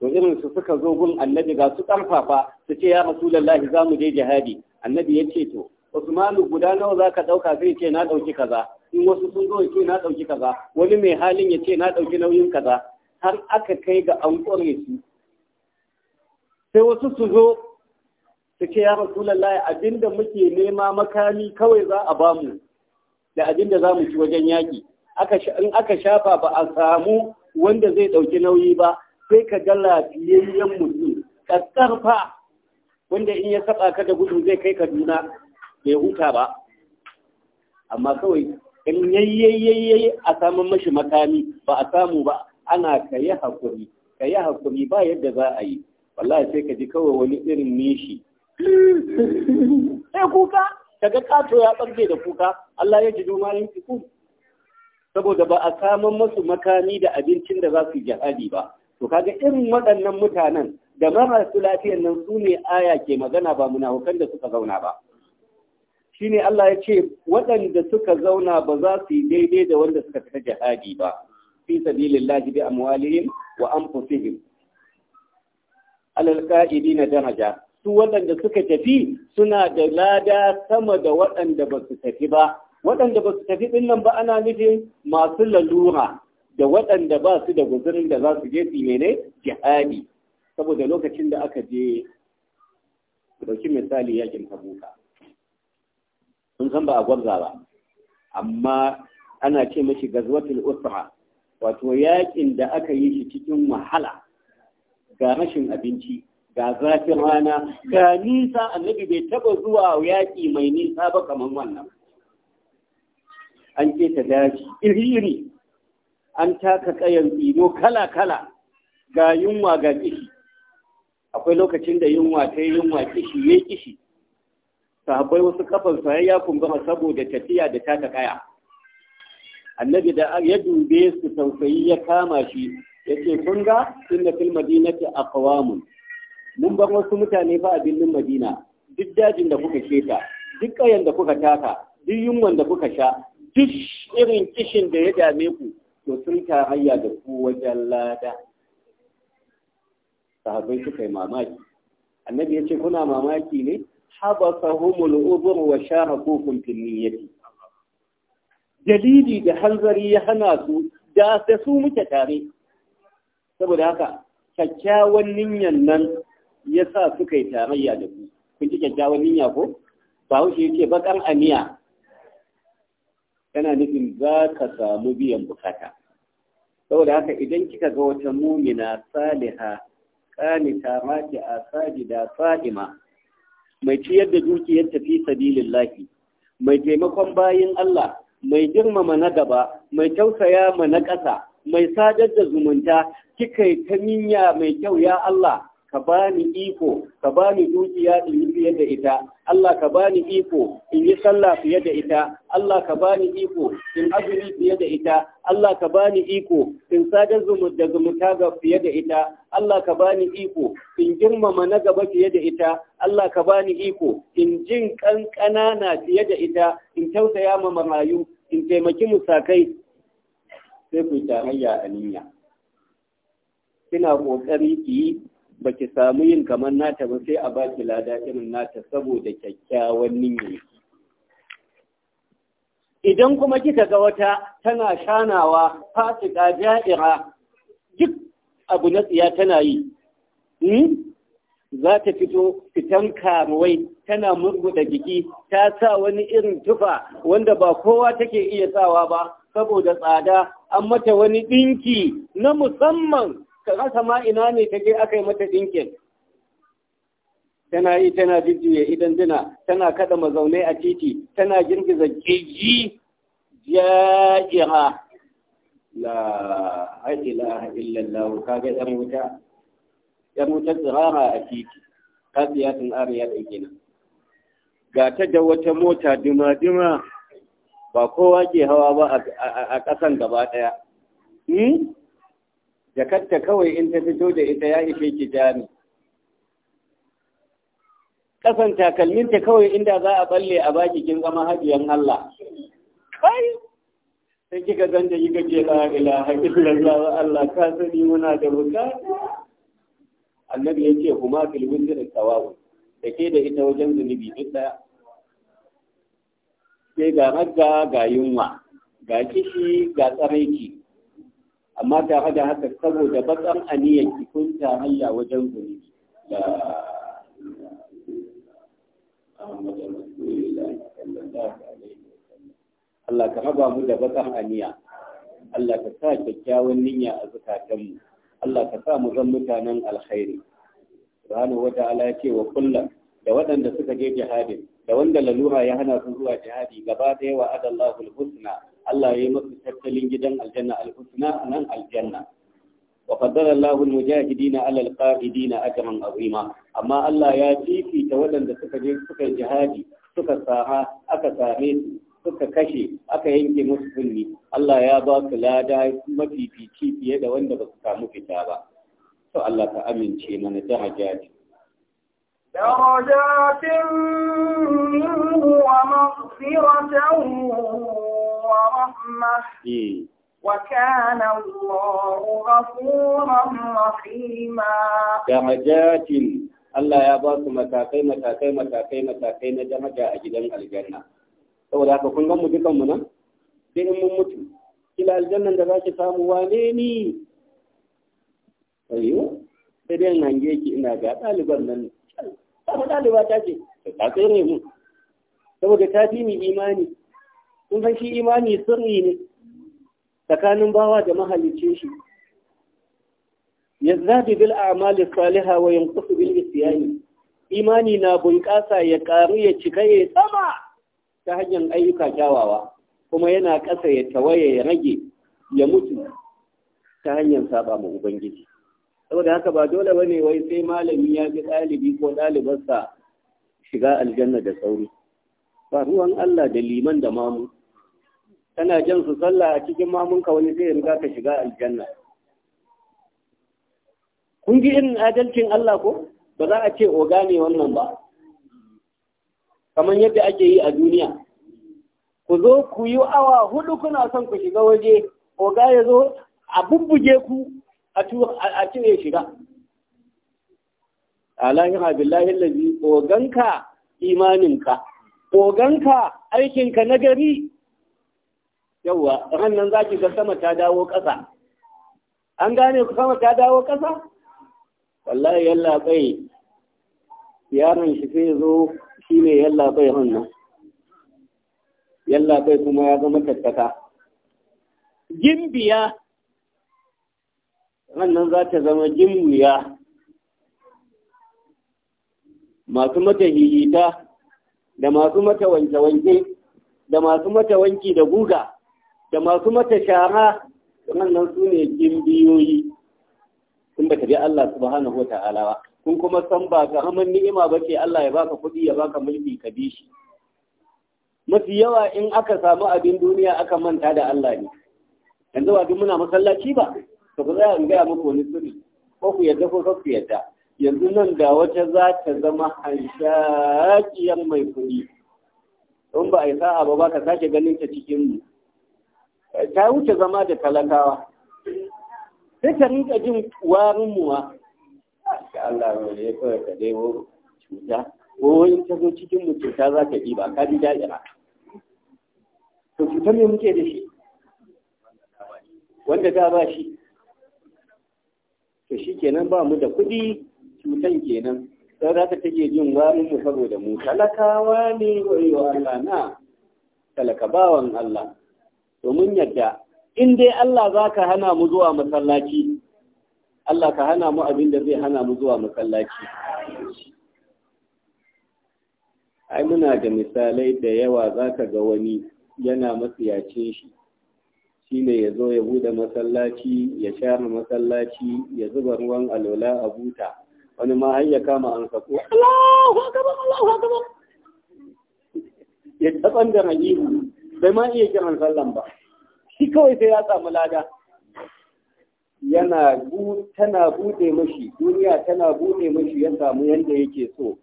to irin su suka zo gun annabi ga su karfafa su ce ya rasulullahi za mu je jihadi annabi ya ce to usmanu guda nawa za ka ɗauka zai ce na ɗauki kaza in wasu sun zo ya ce na ɗauki kaza wani mai halin ya ce na ɗauki nauyin kaza har aka kai ga an ƙware su sai wasu su zo su ce ya rasulullahi abinda muke nema makami kawai za a bamu da abinda za mu ci wajen yaƙi in aka shafa ba a samu wanda zai ɗauki nauyi ba sai ka ga lafiyayyen mutum fa wanda in ya saba ka da gudu zai kai kaduna bai huta ba amma kawai in yayyayyayi a samun mashi makami ba a samu ba ana ka yi haƙuri, ka yi haƙuri ba yadda za a yi wallahi sai ka ji kawai wani irin nishi sai kuka kaga kato ya barke da kuka Allah ya ji duma yin saboda ba a samun masu makami da abincin da za su jihadi ba to kaga irin waɗannan mutanen da marasu lafiyan nan su ne aya ke magana ba munafukan da suka zauna ba Shi ne Allah ya ce waɗanda suka zauna ba za su yi daidai da wanda suka fita jihadi ba fi sabilillahi bi amwalihim wa anfusihim alal qa'idina daraja su waɗanda suka tafi suna da lada sama da waɗanda ba su tafi ba waɗanda ba su tafi ɗin nan ba ana nufin masu lalura da waɗanda ba su da guzurin da za su je su mene jihadi saboda lokacin da aka je ɗauki misali yakin tabuka sun san ba a gwabza ba amma ana ce mashi gazwatul usra wato yakin da aka yi shi cikin wahala ga rashin abinci ga zafin rana ga nisa annabi bai taba zuwa yaki mai nisa ba kamar wannan an ce ta daji iri-iri an taka ƙayan ino kala-kala ga yunwa ga kishi akwai lokacin da yunwa ta yi yunwa kishi ya kishi sahabbai wasu kafan sayan ya kumbama saboda tafiya da taka kaya annabi da ya dube su tausayi ya kama shi ya ce kun ga inna fil madinati aqwamun mun bar wasu mutane fa a birnin madina duk dajin da kuka keta duk kayan da kuka taka duk yunwan da kuka sha duk irin kishin da ya dame ku to sun tarayya da ku wajen lada sahabbai suka yi mamaki annabi ya ce kuna mamaki ne habasahumul udhur wa sharakukum fil niyyati dalili da hanzari ya hana su da sai su muke tare saboda haka kyakkyawan niyyan nan yasa sa suka yi tarayya da ku kun ji kyakkyawan niyya ko ba wuce yake bakan aniya Kana nufin za ka samu biyan bukata saboda haka idan kika ga wata mumina saliha a a sajida sa'ima mai ciyar da dukiyar tafi sabilin laki. mai taimakon bayin Allah mai girmama na gaba mai tausaya ma na ƙasa mai sadar da zumunta kika yi ta minya mai kyau ya Allah ka bani iko ka bani dukiya in yi fiye da ita Allah ka bani iko in yi sallah fiye da ita Allah ka bani iko in azumi fiye da ita Allah ka bani iko in sadar da zumunta ga fiye da ita Allah ka bani iko in girmama na gaba fiye da ita Allah ka bani iko in jin na fiye da ita in tausaya ma marayu in taimaki musakai sai ku tarayya a niyya kina ƙoƙari ki yi ba ki samu yin kamar nata ba sai a ba ki lada irin nata saboda kyakkyawan niyyarki idan kuma kika ga wata tana shanawa fasika ja'ira duk abu na tsiya tana yi hmm? za ta fito fitan karuwai tana murguda jiki ta sa wani irin tufa wanda ba kowa take iya sawa ba saboda tsada an mata wani ɗinki na musamman ta rasa ma ina ne ta aka yi mata ɗinkin tana yi tana jijjiye idan dina tana kada mazaunai a titi tana girgiza jiji ja'ira la ilaha illallah kaga yan wuta yan wuta tsirara a titi kasiyatin ariya da gina ga ta da wata mota dima-dima ba kowa ke hawa ba a ƙasan gaba ɗaya hmm? jakarta kawai in ta fito da ita ya ife ki jami kasan takalminta kawai inda za a balle a baki kin zama hajiyan Allah kai sai kika zanta kika ce la ilaha illallah Allah ka sani muna da buka annabi ya ce kuma fil windin tawawun da da ita wajen zunubi duk sai ga ragga ga yunwa ga kishi ga tsaraiki amma tare da haka saboda bakan aniyar ki kun tarayya wajen guri Allah ka raba mu da bakan aniya Allah ka sa kyakkyawan niyya a zukatanmu Allah ka sa mu zan mutanen alkhairi subhanahu wa ta'ala ya wa kullum da waɗanda suka je jihadin da wanda lalura ya hana su zuwa jihadi gaba ɗaya wa adallahu alhusna Allah ya yi musu tattalin gidan aljanna alhusna nan aljanna wa faddala Allahu almujahidina ala alqa'idina ajran azima amma Allah ya fifita waɗanda suka je suka jihadi suka saha aka same su suka kashe aka yanke musu kunni Allah ya ba su lada mafifici fiye da wanda ba su samu fita ba to Allah ka amince mana ta hajjaji درجات منه ومغفرة ورحمة وكان الله غفورا رحيما درجات Allah ya ba su matakai matakai matakai matakai na daraja a gidan aljanna saboda haka kun ga mu dukan mu nan sai in mun mutu kila aljannan da zaki samu wane ni Ayyo, sai dai hange ki ina ga ɗaliban nan kama ba ta ce ta tsere mu saboda ta fi ni imani kun san shi imani sirri ne tsakanin bawa da mahalicce shi yazzadu bil a'mali saliha wa yanqusu bil isyani imani na bunƙasa ya ƙaru ya cika ya sama ta hanyar ayyuka kyawawa kuma yana ƙasa ya tawaye ya rage ya mutu ta hanyar saba ma ubangiji saboda haka ba dole bane wai sai malami ya fi ɗalibi ko ɗalibarsa shiga aljanna da sauri ba ruwan Allah da liman da mamu kana jan su sallah a cikin mamunka wani zai riga ka shiga aljanna kun ji irin adalcin Allah ko ba za a ce oga ne wannan ba kamar yadda ake yi a duniya ku zo ku yi awa hudu kuna son ku shiga waje oga ya zo a bubbuge ku a cire shiga alayin billahi lazi oganka imaninka oganka aikinka na gari yauwa hannun za ki ga sama ta dawo ƙasa an gane ku sama ta dawo ƙasa wallahi yalla bai yaron shi sai zo shi ne yalla bai hannun yalla bai kuma ya zama tattaka gimbiya rannan za ta zama jin wuya. masu mata hihita da masu mata wanke-wanke da masu mata wanki da guga da masu mata shara rannan su ne biyoyi. sun ba ta bi Allah subhanahu wa ta'ala ba kun kuma san ba ga haman ni'ima ba ce Allah ya baka kuɗi ya baka mulki ka bi shi mafi yawa in aka samu abin duniya aka manta da Allah ne yanzu ba duk muna masallaci ba ka ba za in gaya muku wani sirri ko ku yadda ko ku yadda yanzu nan da wata za ta zama hanshakiyar mai kuɗi Don ba a yi sa'a ba ba ka sake ganin ta cikin mu ta wuce zama da talakawa sai ta rinka jin warin muwa ga Allah mai ya kawai ka dai cuta ko in ta zo cikin mu cuta za ta ɗiba ka bi ba. to cutar me muke da shi wanda ta ba shi to shi kenan ba mu da kuɗi cutan kenan don za ta take jin wani mu saboda mu talakawa ne wayo Allah na talaka Allah to mun yadda in dai Allah za ka hana mu zuwa masallaci Allah ka hana mu abin da zai hana mu zuwa masallaci ai muna da misalai da yawa za ka ga wani yana matsiyacin shi shine ya zo ya bude masallaci ya share masallaci ya zuba ruwan alola a buta wani ma har ya kama an sako Allahu akbar Allahu akbar ya tsaban da rahimu bai ma iya kiran sallan ba shi kawai sai ya samu lada yana tana bude mashi duniya tana bude mashi ya samu yanda yake so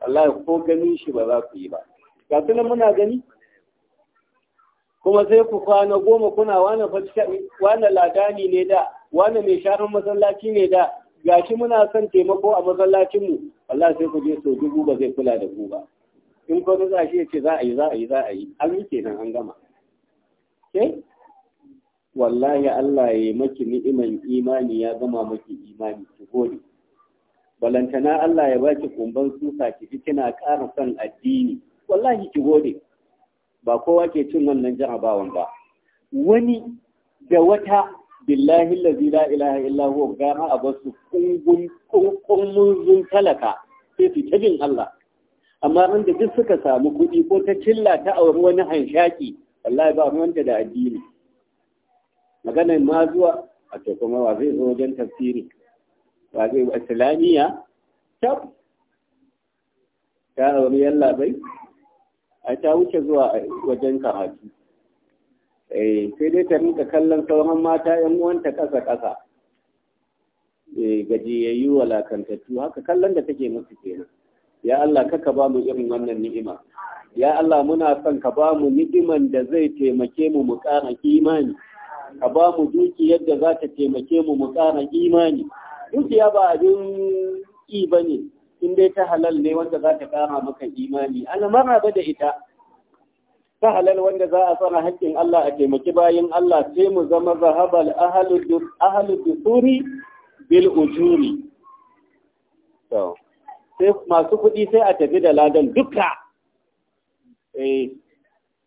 Allah ko ganin shi ba za ku yi ba ga tunan muna gani kuma sai ku kwana goma kuna wani wani ladani ne da wani mai shafin masallaci ne da gashi muna son taimako a masallacinmu Allah sai ku je sau dubu ba zai kula da ku ba in ko za shi ya ce za a yi za a yi za a yi an yi kenan an gama ke wallahi Allah ya yi maki ni'imar imani ya gama maki imani ki gode balantana Allah ya baki kumban suka ki kina ƙara son addini wallahi ki gode ba kowa ke cin wannan jarabawan ba wani da wata billahi lazi la ilaha illa huwa gara a basu kungun kungun talaka sai su ta jin Allah amma inda duk suka samu kuɗi ko ta cilla ta auri wani hanshaki wallahi ba wanda da addini maganar ma zuwa a to kuma wa zai zo wajen tafsiri wa zai islamiyya ta auri yalla bai a ta wuce zuwa wajen karatu eh, sai dai ta rinka kallon sauran mata yan uwanta ƙasa ƙasa eh gajiyayyu walakantattu haka kallon da take musu kenan ya Allah kaka ba mu irin wannan ni'ima ya Allah muna son ka ba mu ni'iman da zai taimake mu mu ƙara imani ka ba mu dukiyar yadda za ta taimake mu mu ƙara imani dukiya ba abin ƙi bane in dai ta halal ne wanda za ta kara maka imani ana ba da ita ta halal wanda za a tsara haƙƙin Allah a taimaki bayan Allah sai mu zama zahabal ahalu dusuri bil ujuri sai masu kuɗi sai a tafi da ladan duka eh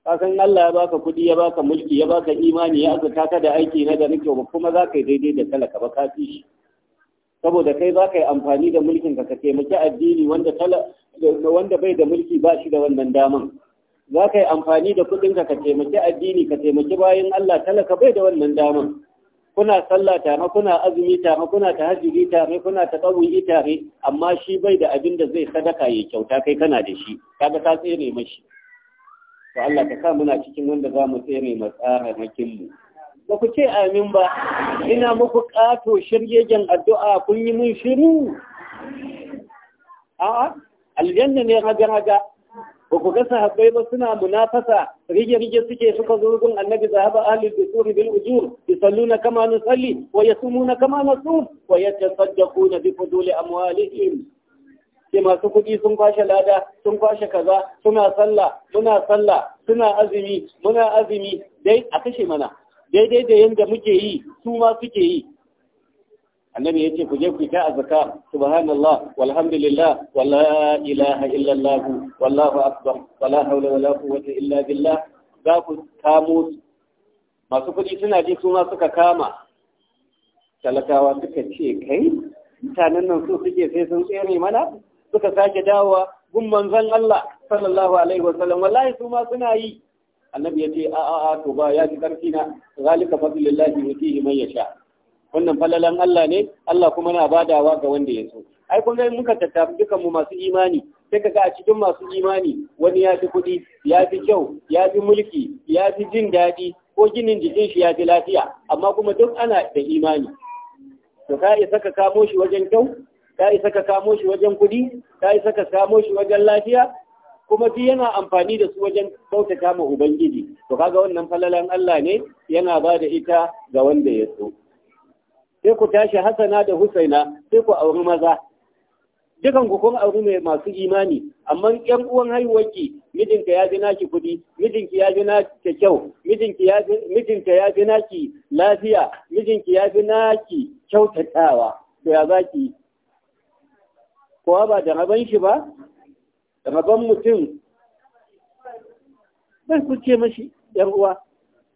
kasan Allah ya baka kuɗi ya baka mulki ya baka imani ya azuta ka da aiki na da nake kuma za ka yi daidai da talaka ba ka fi shi saboda kai za ka yi amfani da mulkin ka ka taimaki addini wanda wanda bai da mulki ba shi da wannan daman za ka yi amfani da kuɗin ka ka taimaki addini ka taimaki bayan Allah talaka bai da wannan daman kuna sallah tare kuna azumi tare kuna tahajjudi tare kuna tatawuyi tare amma shi bai da abin da zai sadaka ya kyauta kai kana da shi kaga ka tsere mashi to Allah ka sa muna cikin wanda za mu tsere mu tsara mu ba ku ce amin ba ina muku ƙato shirgegen addu'a kun yi mun shiru a'a aljanna ne raga-raga ba ku gasa haɓai ba suna munafasa rige-rige suke suka zurgun annabi zahaba da dusuri bil ujur yusalluna kama nusalli wa yasumuna kama nasum wa yatasaddaquna bi fuduli amwalihim ke masu kuɗi sun kwashe lada sun kwashe kaza suna sallah muna sallah suna azumi muna azumi dai a kashe mana daidai da yadda muke yi su ma suke yi annabi yace ku je ku ta azka subhanallah walhamdulillah wala ilaha illallah wallahu akbar wala hawla wala quwwata illa billah za ku kamo masu kuɗi suna ji su ma suka kama talakawa suka ce kai mutanen nan su suke sai sun tsere mana suka sake dawowa gun manzon Allah sallallahu alaihi wasallam wallahi su ma suna yi annabi ya ce a a a to ba ya ji karfi na zalika fadlillahi yutihi man yasha wannan falalan Allah ne Allah kuma na badawa ga wanda ya so ai kun ga muka tattafi dukan mu masu imani sai kaga a cikin masu imani wani ya fi kuɗi ya fi kyau ya fi mulki ya fi jin daɗi ko ginin jikin shi ya fi lafiya amma kuma duk ana da imani to ka isa ka kamo shi wajen kyau ka isa ka kamo shi wajen kuɗi ka isa ka kamo shi wajen lafiya kuma shi yana amfani da su wajen bautata ma ubangiji to kaga wannan falalan Allah ne yana ba da ita ga wanda ya so sai ku tashi Hassana da husaina sai ku auri maza dukan ku kun auri mai masu imani amma 'yan uwan haihuwarki mijinka ya ji naki kuɗi mijinki ya ji naki kyau mijinki ya ji naki lafiya mijinki ya ji naki kyautatawa to ya zaki kowa ba da rabon shi ba rabon mutum bai kuce mashi ‘yan uwa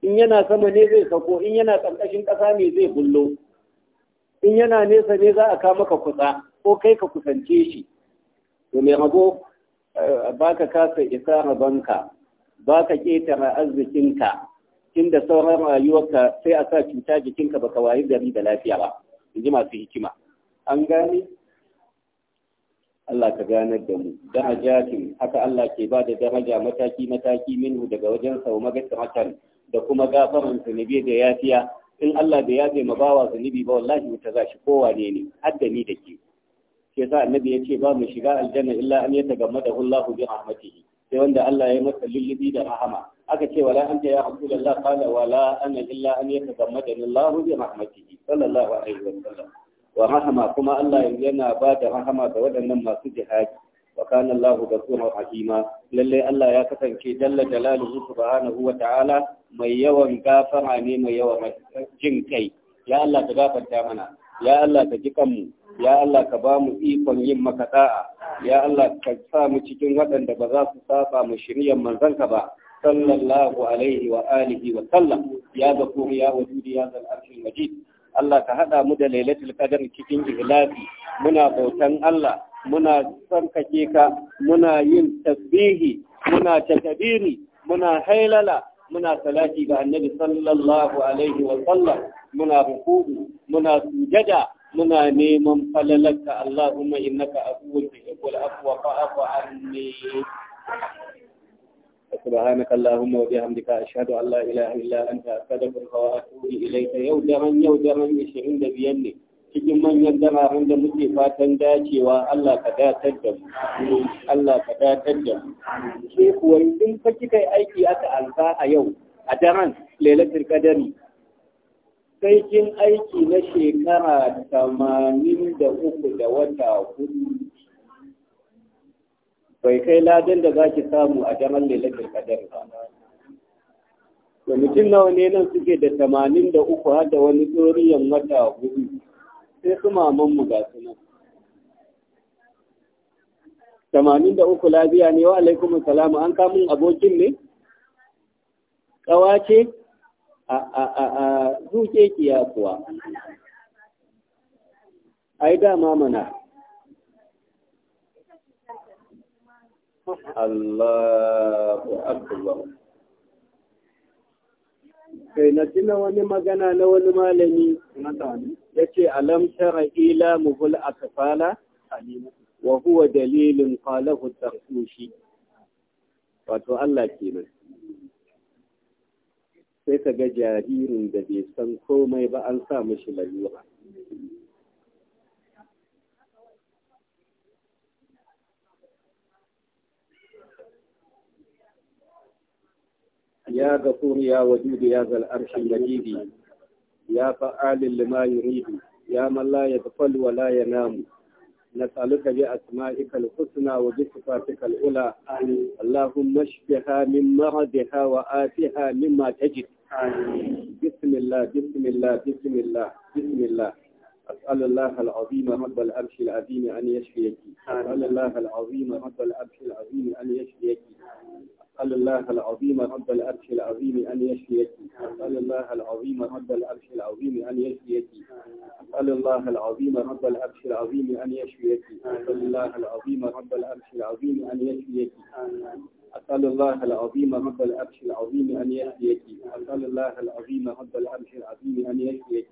in yana sama ne zai sako in yana ƙarƙashin ƙasa ne zai bullo in yana nesa ne za a kama ka kusa ko kai ka kusance shi to mai rabo eh, ba ka kasa isa rabonka ba ka ƙetare arzikinka inda sauran rayuwarka sai a sa cuta jikinka baka wayi gari da lafiya ba in ji masu hikima an gane Allah ka ganar da mu darajatin haka Allah ke ba da daraja mataki mataki minhu daga wajen sau magasamatar da kuma gafaran zunubi da yafiya in Allah bai yafe ma bawa zunubi ba wallahi wuta za shi kowa ne ne hadda ni da ke shi yasa annabi ce ba mu shiga aljanna illa an yi yatagammada Allahu bi rahmatihi sai wanda Allah ya masa lullubi da rahama aka ce wala anta ya rasulullah qala wala ana illa an yi yatagammada Allahu bi rahmatihi sallallahu alaihi wa sallam wa rahama kuma Allah yana ba da rahama ga waɗannan masu jihadi wa kana Allahu ghafurur rahima lalle Allah ya kasance dalla jalaluhu subhanahu wa ta'ala mai yawan gafara ne mai yawan jin kai ya Allah ka gafarta mana ya Allah ka ji kanmu ya Allah ka ba mu ikon yin maka da'a ya Allah ka sa mu cikin waɗanda ba za su saba mu shiryan manzanka ba sallallahu alaihi wa alihi wa sallam ya zakuri ya wajudi ya zal arshil majid Allah ka haɗa mu da lailatul qadar cikin ihlasi muna bautan Allah muna sarkake ka muna yin tasbihi muna takabiri muna hailala muna salati ga annabi sallallahu alaihi wa sallam muna rukudu muna sujada muna neman falalarka Allahumma innaka afuwwu tuhibbul afwa fa'fu anni سبحانك اللهم وبحمدك أشهد أن لا إله إلا أنت أستغفرك وأتوب إليك يوما يوما يشهد بيدك cikin manyan dalaran da muke fatan dacewa Allah ka datar da mu Allah ka datar da mu shi kuwa in fa kika aiki aka alfa a yau a daren lailatul qadari sai kin aiki na shekara 83 da wata hudu bai kai ladin da za ki samu a daren lailatul kadar ba to mutum nawa ne nan suke da tamanin da uku har da wani tsoriyan wata hudu sai su maman mu ga nan tamanin da uku lafiya ne wa alaikum salamu an kamun abokin ne ƙawace a a a a zuke kiya kuwa ai dama mana Allahu kai na tuna wani magana na wani malami ya ce alam tara ila a kafala, wa huwa dalilin falahu tarkushi wato Allah kenan sai ka ga jaririn da bai san komai ba an sa mashi lalura يا غفور يا ودود يا ذا العرش المجيد يا فعال لما يريد يا من لا يغفل ولا ينام نسألك بأسمائك الحسنى وبصفاتك العلى اللهم اشفها من مرضها وآتها مما تجد بسم الله بسم الله بسم الله بسم الله أسأل الله العظيم رب العرش العظيم أن يشفيك أسأل الله العظيم رب العرش العظيم أن يشفيك أسأل الله العظيم رب العرش العظيم أن يشفيك أسأل الله العظيم رب العرش العظيم أن يشفيك أسأل الله العظيم رب العرش العظيم أن يشفيك أسأل الله العظيم رب العرش العظيم أن يشفيك أسأل الله العظيم رب العرش العظيم أن يهديك أسأل الله العظيم رب العرش العظيم أن يهديك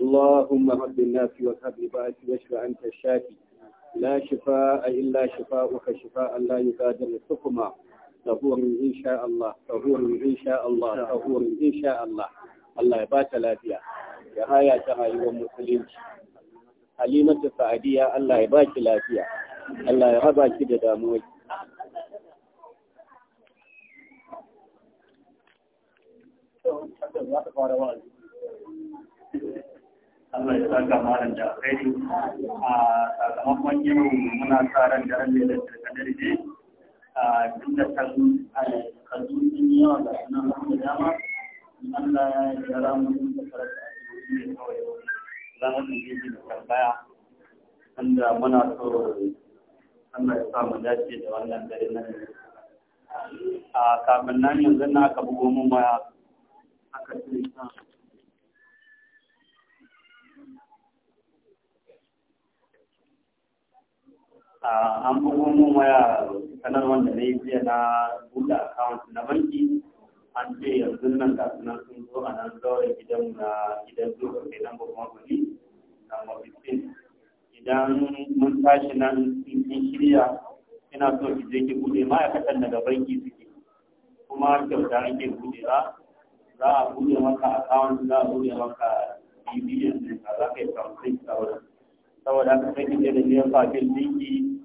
اللهم رب الناس والهب بأس واشف أنت الشافي لا شفاء إلا شفاؤك شفاء لا يغادر سقما tahur insha Allah tahur insha Allah Allah Allah ya ba ta lafiya ya haya ta rayuwar musulunci halimatu sa'adiya Allah ya ba ki lafiya Allah ya raba ki da damuwa Allah ya saka malam da a sakamakon yau muna sa ran da duk da takardu sun yi yawa da sunan da dama Allah ya yi jira mu da karatu a cikin kawai za mu je ji da tambaya wanda muna so Allah ya sa mu dace da wannan dare na a kafin nan yanzu na aka bugo mun waya aka ce an bugo mun waya sanar wanda na yi jiya na buɗe account na banki an ce yanzu nan ga sunan sun zo a nan zaure gidan na gidan zuwa kai nan kuma kuli amma bisin idan mun tashi nan in shirya ina so ki je ki buɗe ma'aikatan daga banki suke kuma kyauta ake buɗewa za a buɗe maka account za a buɗe maka bibiyan ɗinka za ka yi kamfani da wurin saboda haka sai da jefa bil dinki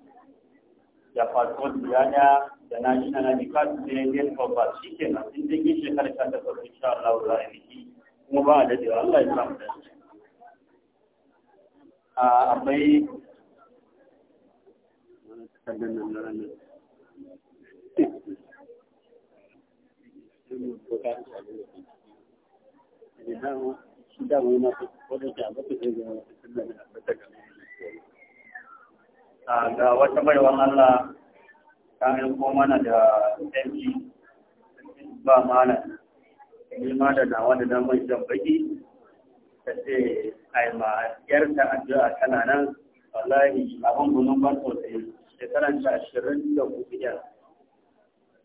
da passport guda da national ID card da Indian passport shikenan in dai kin shekara ta ta farko insha Allah za a kuma ba a dadewa Allah ya samu da a akwai Thank you. Ah, ga wata baiwan Allah ta aiko mana da yanki ba mana ma da nawa da damar jan baki ta ce yi ma yarta addu'a tana nan wallahi abin gudun ban sosai shekaran ta ashirin da hudu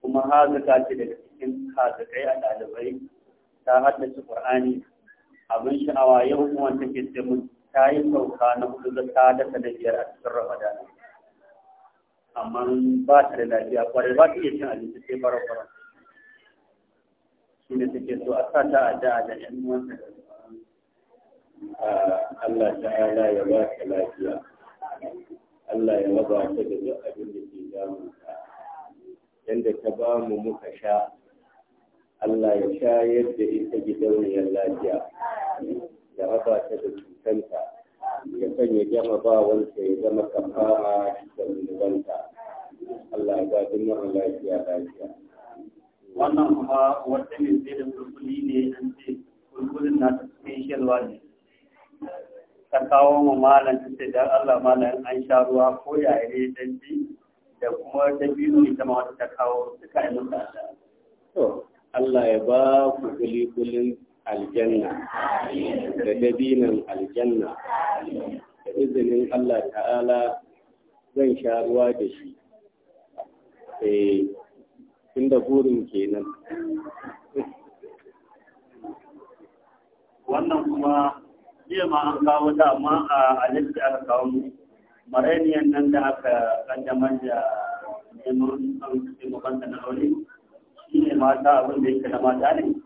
kuma hazuka ce daga cikin hazukai a ɗalibai ta haddace ƙur'ani abin sha'awa yau kuma take ce mun ta yi sauka na hudu da ta dasa da biyar a cikin ramadana amma ba ta da lafiya kwarai ba ta iya cin abinci sai fara fara. shi ne take so a sa ta addu'a da yan uwanta Allah ta'ala ya ba ta lafiya Allah ya raba ta da duk abin da ke damu ta yanda ta ba mu muka sha Allah ya sha yadda ita gidauniyar lafiya ya raba ta da ya sanya jamabawansa ya zama kafara da zunubanta Allah ya ba duk mara lafiya lafiya wannan kuma wata mai da kulkuli ne an ce kulkulin ta ne ta kawo mu malam ta ce Allah malam an sha ruwa ko ya yi dan da kuma dabino ita ma wata ta kawo suka yi to Allah ya ba ku kullum. aljanna da dabinan aljanna da izinin Allah ta'ala zan sha ruwa da shi eh inda burin kenan wannan kuma jiya ma an kawo da, amma a alifi aka kawo mu mareniyan nan da aka manja da neman an kusa makanta na aure shi ne mata abin da yake na mata ne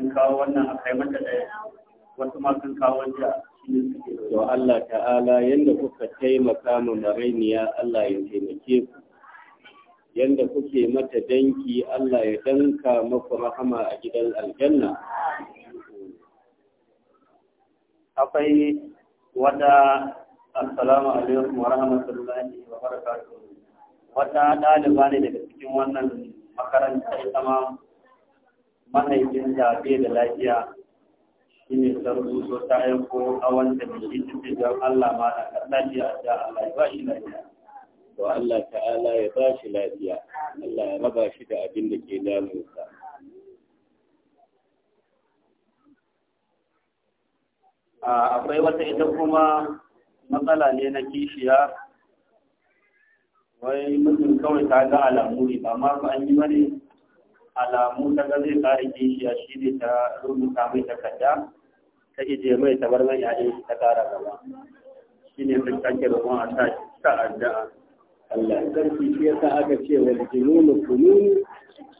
sun kawo wannan a kai mata ɗaya wasu ma sun kawo jiya to Allah ta'ala yanda kuka taimaka mu marainiya Allah ya taimake ku yanda kuke mata danki Allah ya danka maku rahama a gidan aljanna akwai wata assalamu alaikum wa rahmatullahi wa barakatuh wata ɗaliba ne daga cikin wannan makaranta ita ma mahaifin da da lafiya shi ne sarki so ta aiko a wanda da shi fi don Allah ma da da Allah ya ba shi lafiya. To Allah ta'ala ya ba shi lafiya, Allah ya raba shi da abin da ke damunsa. Akwai wata ita kuma matsala ne na kishiya wai mutum kawai ta ga alamuri ne ba ma an yi mare alamu ta ga zai kare kishiya shi ne ta rubuta ta takarda ta ije mai ta bar mai yare ta kara gaba shi ne sun kake roƙon a sa ta addu'a Allah sarki shi yasa aka ce wal jununu kunu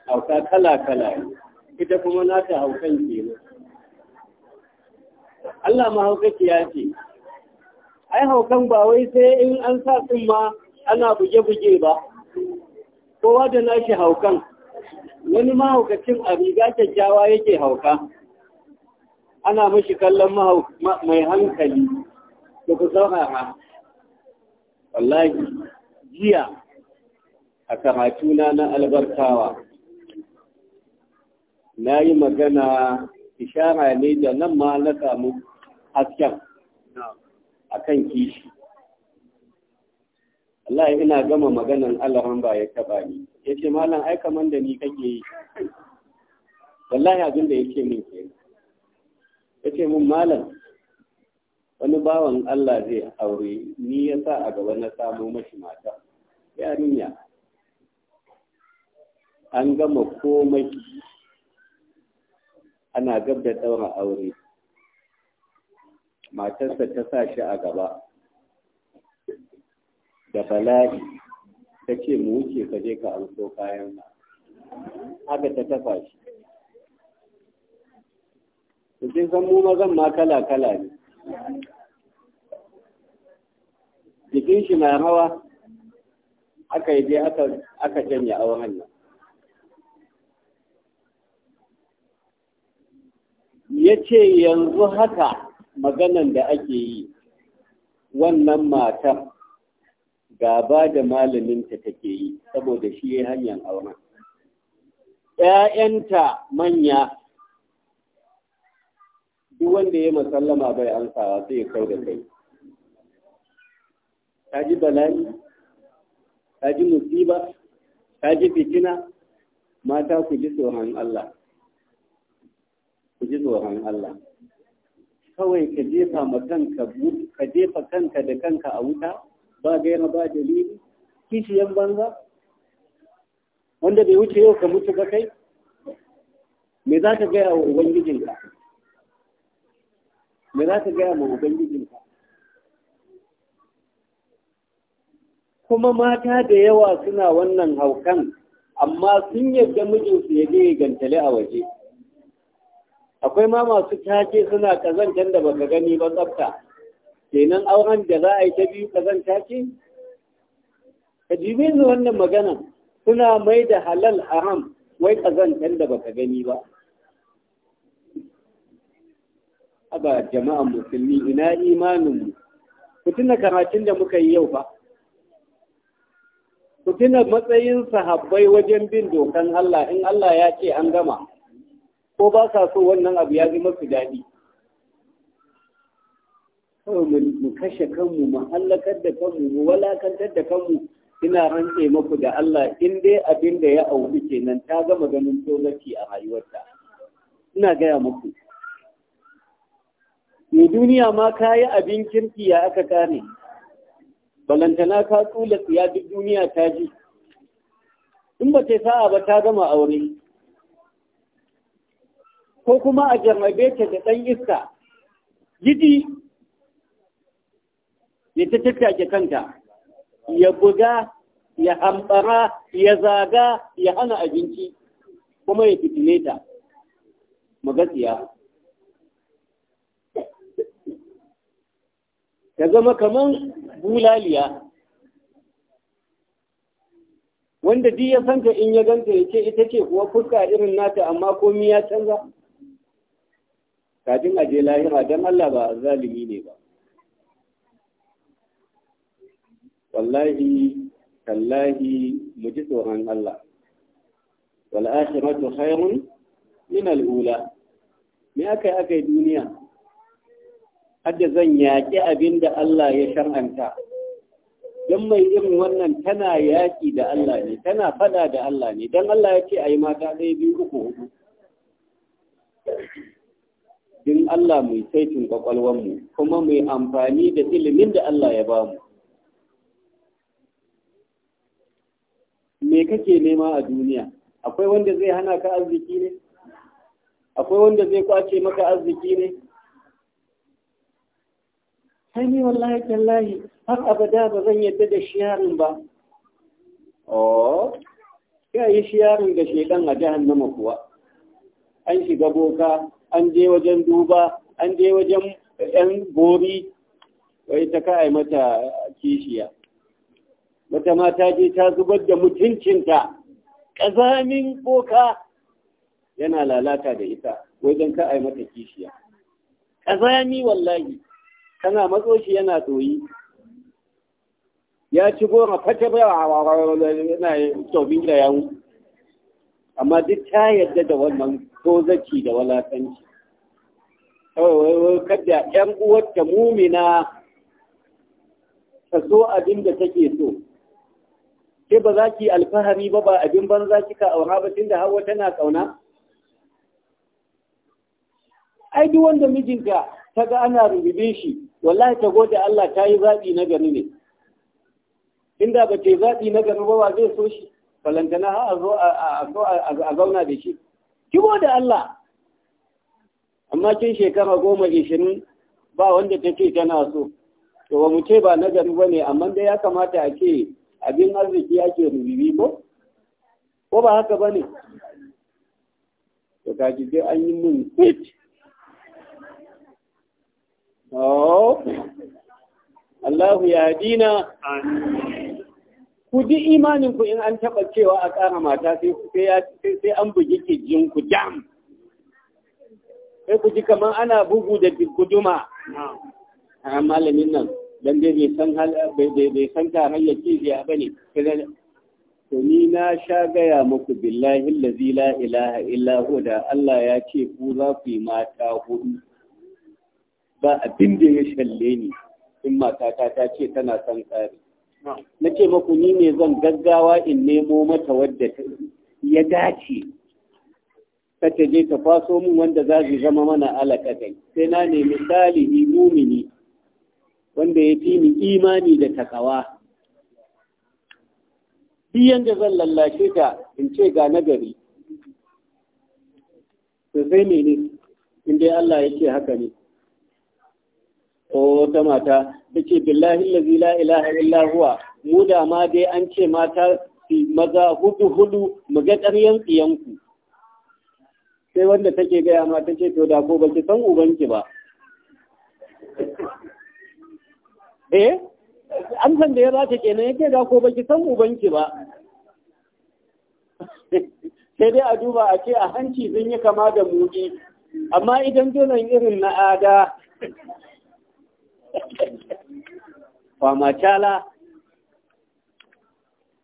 hauka kala kala ita kuma na nata haukan kenan Allah ma mahaukaci ya ce ai haukan ba wai sai in an sa tsumma ana buge-buge ba kowa da nashi haukan wani mahaukacin a riga kyakkyawa yake hauka ana mashi kallon mai hankali da ku saurara wallahi jiya a karatuna na albarkawa na yi magana ishara ne da nan ma na samu hasken a kan kishi Allah ina gama maganan Allah ya taba ni ya ce malam ai kaman da ni kake yi wallahi abin da yake min ke ya ce min malam wani bawan Allah zai aure ni ya sa a gaba na samo mashi mata yarinya an gama komai ana gab da aure matarsa ta sa shi a gaba da bala'i ta ce mu wuce ka je ka amso kayan ka haka ta tafa shi sai san mu mazan ma kala kala ne jikin shi na hawa aka yi dai aka janye auren nan ya ce yanzu haka maganan da ake yi wannan matar gaba da malaminta take yi saboda shi ya hanyar auren. ‘Ya'yanta manya duk wanda ya masallama bai ansawa sai ya kai da kai. Ka ji bala'i, ka ji musiba, ka ji fitina, mata ku ji tsoron Allah. Ku ji tsohon Allah. Kawai ka jefa kanka da kanka a wuta? ba gaira ba dalili kishiyan banza wanda bai wuce yau ka mutu ba kai me za ka gaya wa ubangijinka me za ka gaya wa ubangijinka kuma mata da yawa suna wannan haukan amma sun yadda mijinsu ya je gantale a waje akwai ma masu take suna kazan da baka gani ba tsafta kenan auren da za a yi ta biyu kazanta ce ka wannan magana suna mai da halal haram wai kazantan da baka gani ba aba jama'an musulmi ina imaninmu ku tuna karatun da muka yi yau ba ku tuna matsayin sahabbai wajen bin dokan Allah in Allah ya ce an gama ko ba sa so wannan abu ya zama su daɗi kawai mu kashe kanmu mu hallakar da kanmu mu walakantar da kanmu ina rantse maku da Allah in dai abin da ya auku kenan ta gama ganin tozarci a rayuwarta ina gaya muku ne duniya ma ka yi abin kirki ya aka kane balantana ka tsula ya duk duniya ta ji in ba ta sa'a ba ta gama aure ko kuma a jarmabe ta da ɗan iska gidi ya ta tattake kanta ya buga ya hamɓara ya zaga ya hana abinci kuma ya fitile ta magasiya ta zama kaman bulaliya wanda duk ya santa in ya ganta ya ce ita ce kuwa fuska irin nata amma komi ya canza kafin aje lahira don Allah ba zalimi ne ba wallahi tallahi mu ji tsoron Allah wal akhiratu khairun min al ula me akai yi duniya hadda zan yaƙi abinda Allah ya shar'anta don mai irin wannan tana yaƙi da Allah ne tana fada da Allah ne don Allah ya ce a yi mata ɗaya biyu uku hudu din Allah mai saitin kwakwalwanmu kuma mai amfani da ilimin da Allah ya ba mu me kake nema a duniya akwai wanda zai hana ka arziki ne akwai wanda zai kwace maka arziki ne sai ni wallahi tallahi har abada ba zan yadda da shiyarin ba oh ya yi shiyarin da shedan a jahannama kuwa an shiga boka an je wajen duba an je wajen yan bori wai ta kai mata kishiya wata mata je ta zubar da mutuncinta ƙazamin boka yana lalata da ita wajen ka ai mata kishiya ƙazami wallahi kana matso shi yana tsoyi ya ci goma fata bai wa yana tobin da yawu amma duk ta yadda da wannan tozaci da walakanci kawai kada ‘yan uwarta mumina ta so abin da take so ke ba za ki alfahari ba ba abin banza kika aura ba tunda hawa tana kauna ai duk wanda mijinka ta ga ana rububin shi wallahi ta gode Allah ta yi zaɓi na gani ne inda ba ce zaɓi na gani ba zai so shi falantana ha a zo a zauna da shi ki gode Allah amma kin shekara goma ishirin ba wanda ta tana so to ba mu ce ba na gari ba ne amma da ya kamata a ce abin arziki ake rubi ko ko ba haka ba ne to kaji an yi mun fit oh. Allahu ya dina ku ji imanin ku in an taɓa cewa a ƙara mata sai an bugi kijin ku sai ku ji kamar ana bugu da guduma a malamin nan dan dai bai san hal bai san ta hanyar kiziya bane to ni na sha gaya muku billahi allazi la ilaha illa hu da Allah ya ce ku za ku yi mata hudu ba abin da ya shalle ni in matata ta ce tana son tsari na ce muku ni ne zan gaggawa in nemo mata wadda ya dace ta je ta faso min wanda za zama mana alaka sai na nemi salihi mumini wanda ya fi ni imani da takawa Bi yanda zan lallashe ta, in ce ga nagari to sai mene inda Allah ya ce haka ne O wata mata ta ce billahi lazi la ilaha illa huwa mu da ma dai an ce mata maza hudu hudu mu ga ƙaryan tsiyanku sai wanda take gaya ma ta ce to da ko ba ki san ubanki ba eh san da ya baka kenan yake da ko baki san ubanki ba sai dai a duba a ce a hanci sun yi kama da muɗi amma idan donan irin na ada cala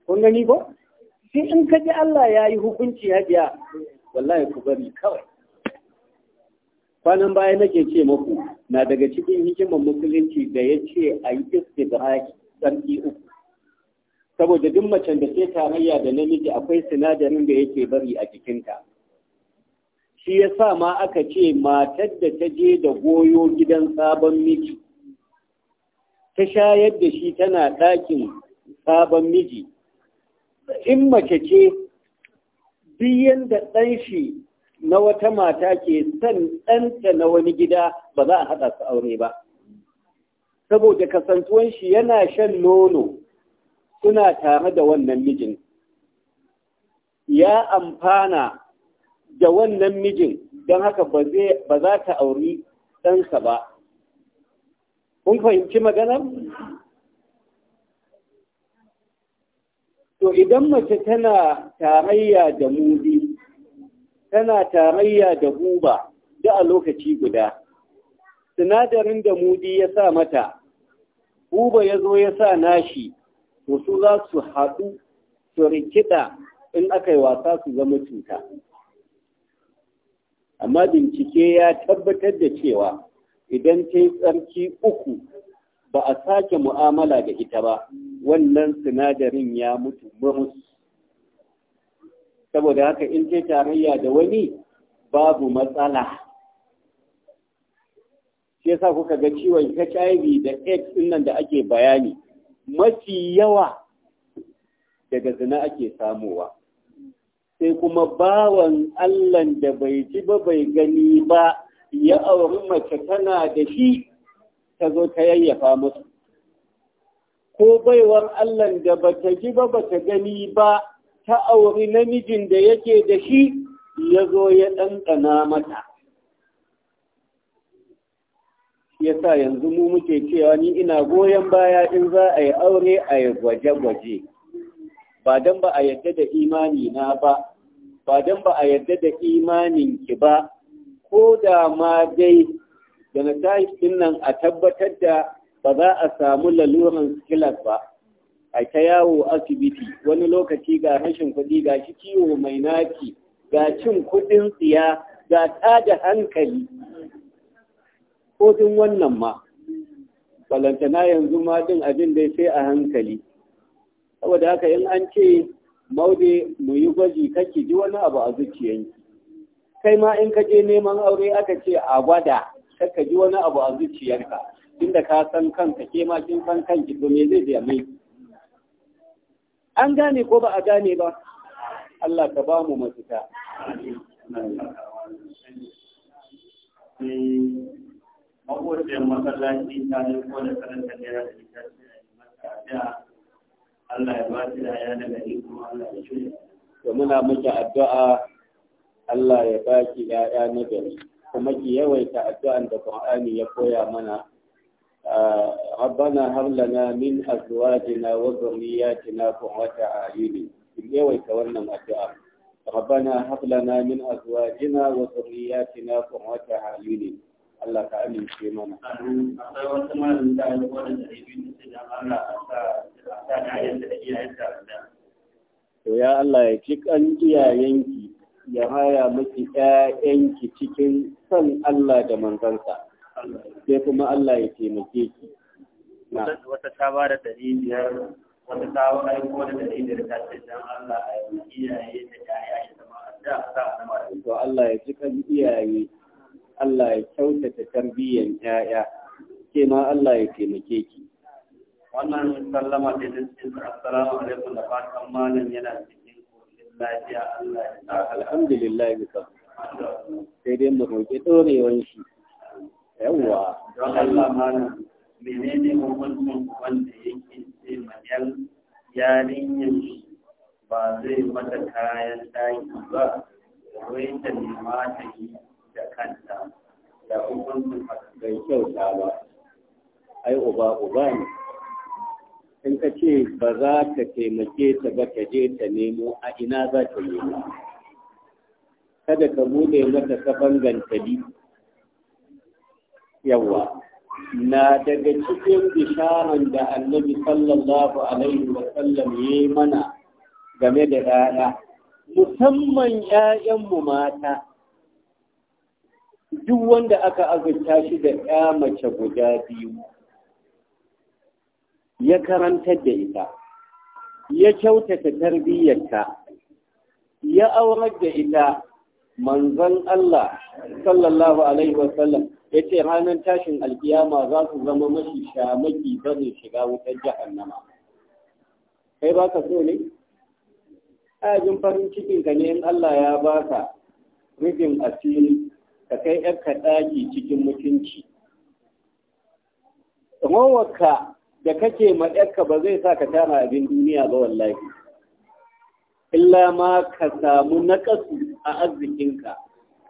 kun gani ko sai in ka Allah ya yi hukunci ya biya wallahi ku bari kawai kwanan baya nake ce muku na daga cikin hikimar musulunci da ya ce a yi haki sarki uku saboda duk macen da ke tarayya da namiji akwai sinadarin da yake bari a jikinta shi ya sa ma aka ce matar da ta je da goyo gidan sabon miji ta shayar da shi tana ɗakin sabon miji in mace ce biyan da ɗan shi na wata mata ke son ɗanta na wani gida ba za a haɗa su aure ba saboda kasantuwan shi yana shan nono suna tare da wannan mijin ya amfana da wannan mijin don haka ba za ta auri ɗansa ba. Kun fahimci maganar? To idan mace tana tarayya da muzi tana tarayya da guba da a lokaci guda sinadarin da mudi ya sa mata guba ya zo ya sa nashi wasu za su haɗu su rikida in aka yi wasa su zama cuta amma bincike ya tabbatar da cewa idan ta yi tsarki uku ba a sake mu'amala da ita ba wannan sinadarin ya mutu mursu saboda haka in ce tarayya da wani babu matsala shi yasa kuka ga ciwon HIV da AIDS din nan da ake bayani mafi yawa daga zina ake samowa sai kuma bawan Allah da bai ji ba bai gani ba ya auri mace tana da shi ta zo ta yayyafa musu ko baiwar Allah da bata ji ba bata gani ba ta auri namijin da yake da shi ya zo ya ɗanɗana mata. Ya sa yanzu mu muke cewa ni ina goyon baya in za a yi aure a yi gwaje-gwaje, ba don ba a yadda da imani na ba, ba don ba a yadda da imaninki ba, ko da ma dai da na tashi nan a tabbatar da ba za a samu laluran kilas ba. a ta yawo asibiti wani lokaci ga rashin kuɗi ga shi ciwo mai naki ga cin kuɗin tsiya ga tada hankali kodin wannan ma balantana yanzu ma din abin dai sai a hankali saboda haka in an ce maude mu yi gwaji kake ji wani abu a zuciyanki kai ma in ka je neman aure aka ce a gwada kaka ji wani abu a zuciyarka inda ka san kanka ke ma kin san kanki to me zai mai an gane ko ba a gane ba Allah ka ba mu mafita makwacin masallaci ta yi ko da karanta naira da littafi a yi masa addu'a Allah ya ba shi da ya daga iko Allah ya shirya Da muna miki addu'a Allah ya ba ki ya'ya na gari kuma ki yawaita addu'an da Qur'ani ya koya mana ربنا هب لنا من ازواجنا وذرياتنا قرة اعين yawaita wannan addu'a ربنا هب لنا min ازواجنا وذرياتنا قرة اعين الله Allah ka amince mana akwai wasu da ya gwada da to ya Allah ya ci kan iyayenki ya haya miki ƴaƴanki cikin san Allah da manzansa sai kuma Allah ya taimake ki wata ta ba da ɗari biyar wata ta ba da ɗari biyar ta ce don Allah a yi iyaye da yaya ya zama da sa zama to Allah ya cika iyaye Allah ya kyautata tarbiyyar 'ya'ya. ke ma Allah ya taimake ki wannan sallama da ta ce assalamu alaikum da fatan malam yana cikin koshin lafiya Allah ya alhamdulillah bisa sai dai mu roƙi ɗorewan shi yawwa don Allah mana menene hukuncin wanda yake ce mayar yarinyar ba zai mata kayan daki ba wai ta nema ta yi da kanta da hukuncin bai kyauta ba ai uba uba ne in ka ce ba za ka taimake ta ba ka je ta nemo a ina za ta nemo kada ka bude mata kafan gantali yawa na daga cikin bisharan da annabi sallallahu alaihi wa sallam ya mana game da ɗaya musamman ‘ya'yanmu mata duk wanda aka azurta shi da ‘ya mace guda biyu ya karantar da ita ya kyautata tarbiyyarta ya aurar da ita manzon Allah sallallahu alaihi wa sallam ya ce ranar tashin alkiyama za su zama mashi shamaki barin shiga wutar jahannama kai ba ka so ne ajin farin cikin ka ne in Allah ya baka rufin asiri ka kai yar ka daki cikin mutunci rawarka da kake ma ka ba zai sa ka tara abin duniya ba wallahi illa ma ka samu naƙasu a arzikinka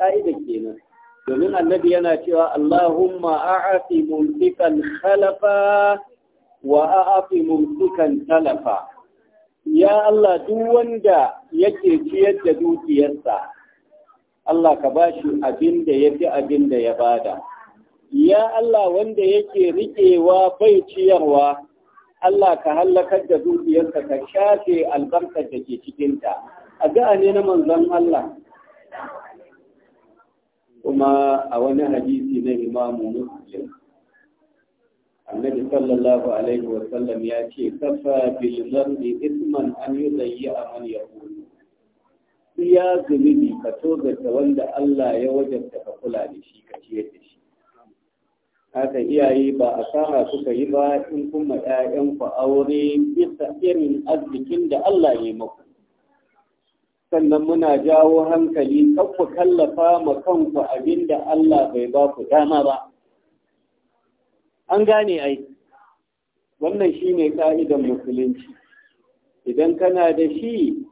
ka'ida kenan domin annabi yana cewa Allahumma a'afi mulkikan khalafa wa a'afi mulkikan talafa ya Allah duk wanda yake ciyar da dukiyarsa Allah ka bashi abin da fi abin da ya bada ya Allah wanda yake riƙewa bai ciyarwa Allah ka hallakar da dukiyarsa ka shafe albarkar da ke cikinta a ne na manzon Allah kuma a wani hadisi na imamu muslim annabi sallallahu alaihi wa sallam ya ce kafa bil isman an yudayya man yaqulu ya zumi ka ga wanda Allah ya wajabta ka kula da shi ka ciyar da shi haka iyaye ba a saha suka yi ba in kuma ku aure bisa irin arzikin da Allah ya yi maku sannan muna jawo hankali ku kallafa ma kanku abinda Allah bai ba ku dama ba an gane ai wannan shine ka'idan musulunci idan kana da shi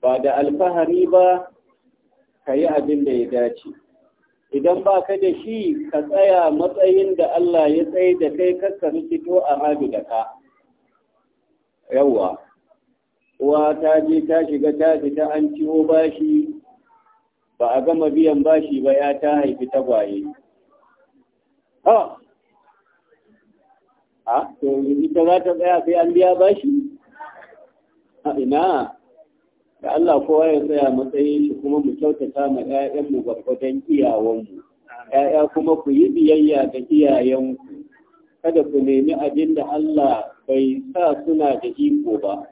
ba da alfahari ba ka yi abin da ya dace idan ba ka da shi ka tsaya matsayin da Allah ya tsaye da kai kakka rikito a rabi da ka yawwa uwa ta je ta shiga ta fita an ciwo bashi ba a gama biyan bashi ba ya ta haifi tagwaye ha a to ita za ta tsaya sai an biya bashi a ina da Allah kowa ya tsaya matsayin shi kuma mu kyautata ma 'ya'yanmu gwargwadon iyawanmu ‘ya'ya kuma ku yi biyayya ga iyayenku kada ku nemi abin da Allah bai sa suna da iko ba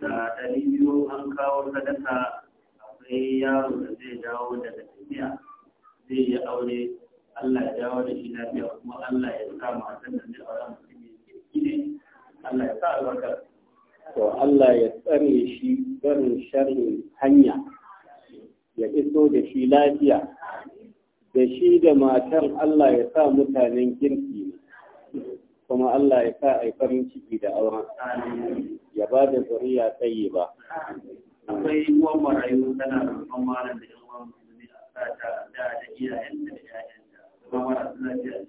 da ɗari biyu an kawo sadaka akwai yaro da zai dawo daga tafiya zai yi aure Allah ya dawo da shi lafiya kuma Allah ya sa matan da zai aure mutum kirki ne Allah ya sa albarka to Allah ya tsare shi barin sharrin hanya ya iso da shi lafiya da shi da matan Allah ya sa mutanen kirki kuma Allah ya sa a farin ciki da auren. ya ba da zuriya tsaye ba akwai uwan marayu tana roƙon mara da yan uwan musulmi a sata da da iyayenta da iyayenta kuma mara suna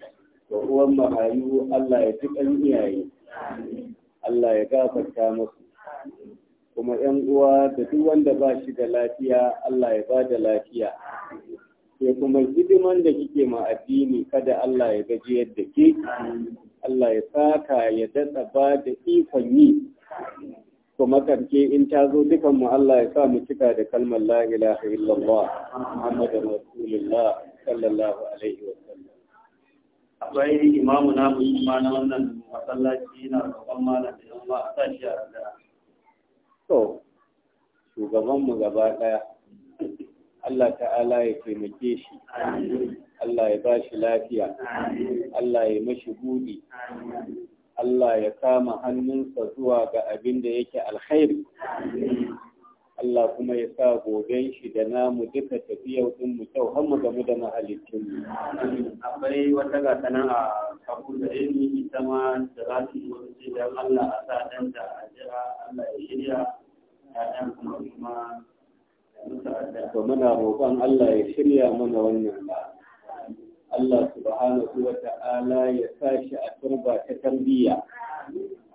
da uwan marayu Allah ya ji ɗan iyaye Allah ya gafarta musu kuma ‘yan uwa da duk wanda ba shi da lafiya Allah ya ba da lafiya sai kuma hidiman da kike ma addini kada Allah ya gaji yadda ke Allah ya saka ya datsa ba da ikon yi kuma karke in ta zo dukan mu Allah ya sa mu cika da kalmar la ilaha illallah Muhammadur Rasulullah sallallahu alaihi wa sallam akwai imamu na mu ma na wannan masallaci na roƙon malam da yamma a tashi a da to shugaban mu gaba daya Allah ta'ala ya taimake shi Allah ya ba shi lafiya Allah ya mashi buɗi Allah ya kama hannunsa zuwa ga abin da yake alkhairi Allah kuma ya sa goben shi da namu duka tafiya din mu kyau har mu gamu da mahalicin mu akwai wata gasa nan a kafin da ilmi ita ma da za su yi wasu idan Allah a sa dan da a jira Allah ya shirya ya'yan kuma kuma to muna roƙon Allah ya shirya mana wannan ba Allah subhanahu wa ta'ala ya sa a turba ta tarbiyya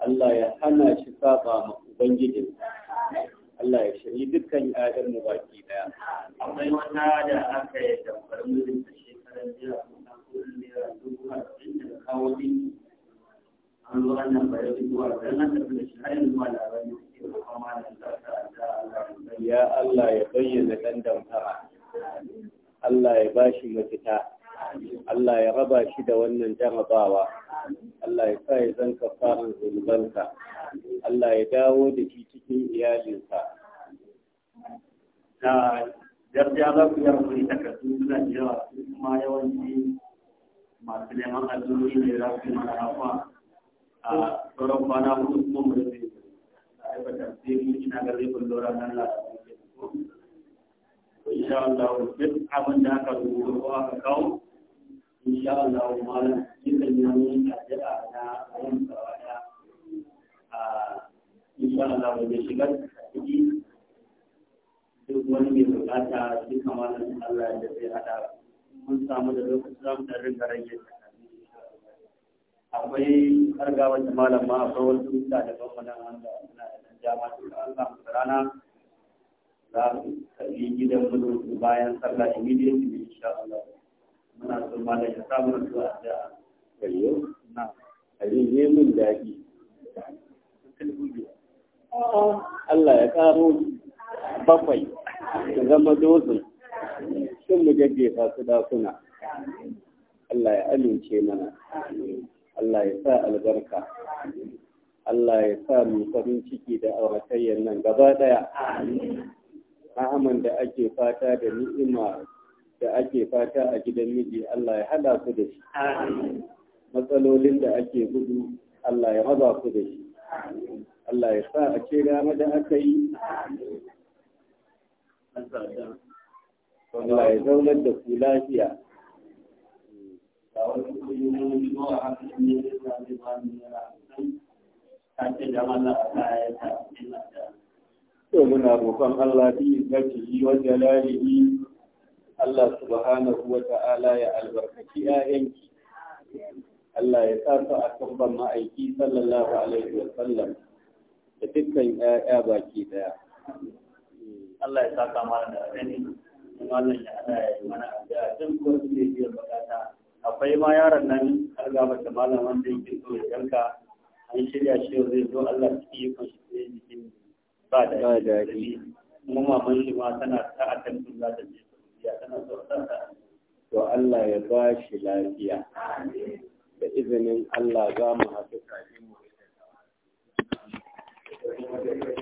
Allah ya hana shi saba ma ubangijin Allah ya shiri dukkan ƴaƴan mu baki daya akwai wata da aka yi damfar mulkin a shekaran jiya ne kudin naira dubu arba'in daga kawo din an zo an nan bayar zuwa da nan tafi da shi har yanzu ma labarin da ke kuma da ya Allah ya bayyana dan damfara Allah ya bashi mafita Allah ya raba shi da wannan jarabawa Allah ya sa ya zan fara zunubansa Allah ya dawo da shi cikin iyalinsa da gaskiya za ku yaro ne ta kasu suna da yawa kuma yawanci masu neman azumi ne za su mana hafa a sauran kwana hudu kuma mu rufe aiwatar sai mu ina ga zai bullo ranar larabci insha Allah duk abin da aka rubuta ko aka kawo insha Allah malam dukkan na shigar duk wani Allah mun samu da rage akwai karga wata malam ma akwai wasu mutane daban wannan da za su gidan bayan sallah immediately insha Allah muna son malam ya sa mana zuwa da kariyo na abin yi min daɗi Allah ya karo bakwai su zama dozin sun mu jajjefa su dakuna Allah ya amince mana Allah ya sa albarka Allah ya sa mu farin ciki da auratayyar nan gaba daya Ahaman da ake fata da ni'ima da ake fata a gidan miji Allah ya hada su da shi matsalolin da ake gudu Allah ya maza su da shi Allah ya sa a ce rama da aka yi Allah ya zaunar da ku lafiya To muna roƙon Allah bi zaki yi wa jalalihi Allah subhanahu wa ta'ala ya albarkaci ‘ya'yanki, Allah ya sa a kan ban ma'aiki sallallahu Alaihi wasallam da dukkan ‘ya'ya baki daya. Allah ya sa kama da rani, malam ya ana ya yi mana abuwa duk wasu ne biyar bukata. Akwai ma yaron nan har gaba da malam wanda yake so ya yanka an shirya shi zai zo Allah su yi kwashi zai jikin ba da ya Kuma Mamman shi ma tana ta'atar sun za ta to Allah ya ba shi lafiya da izinin Allah za mu haɗu kafin mu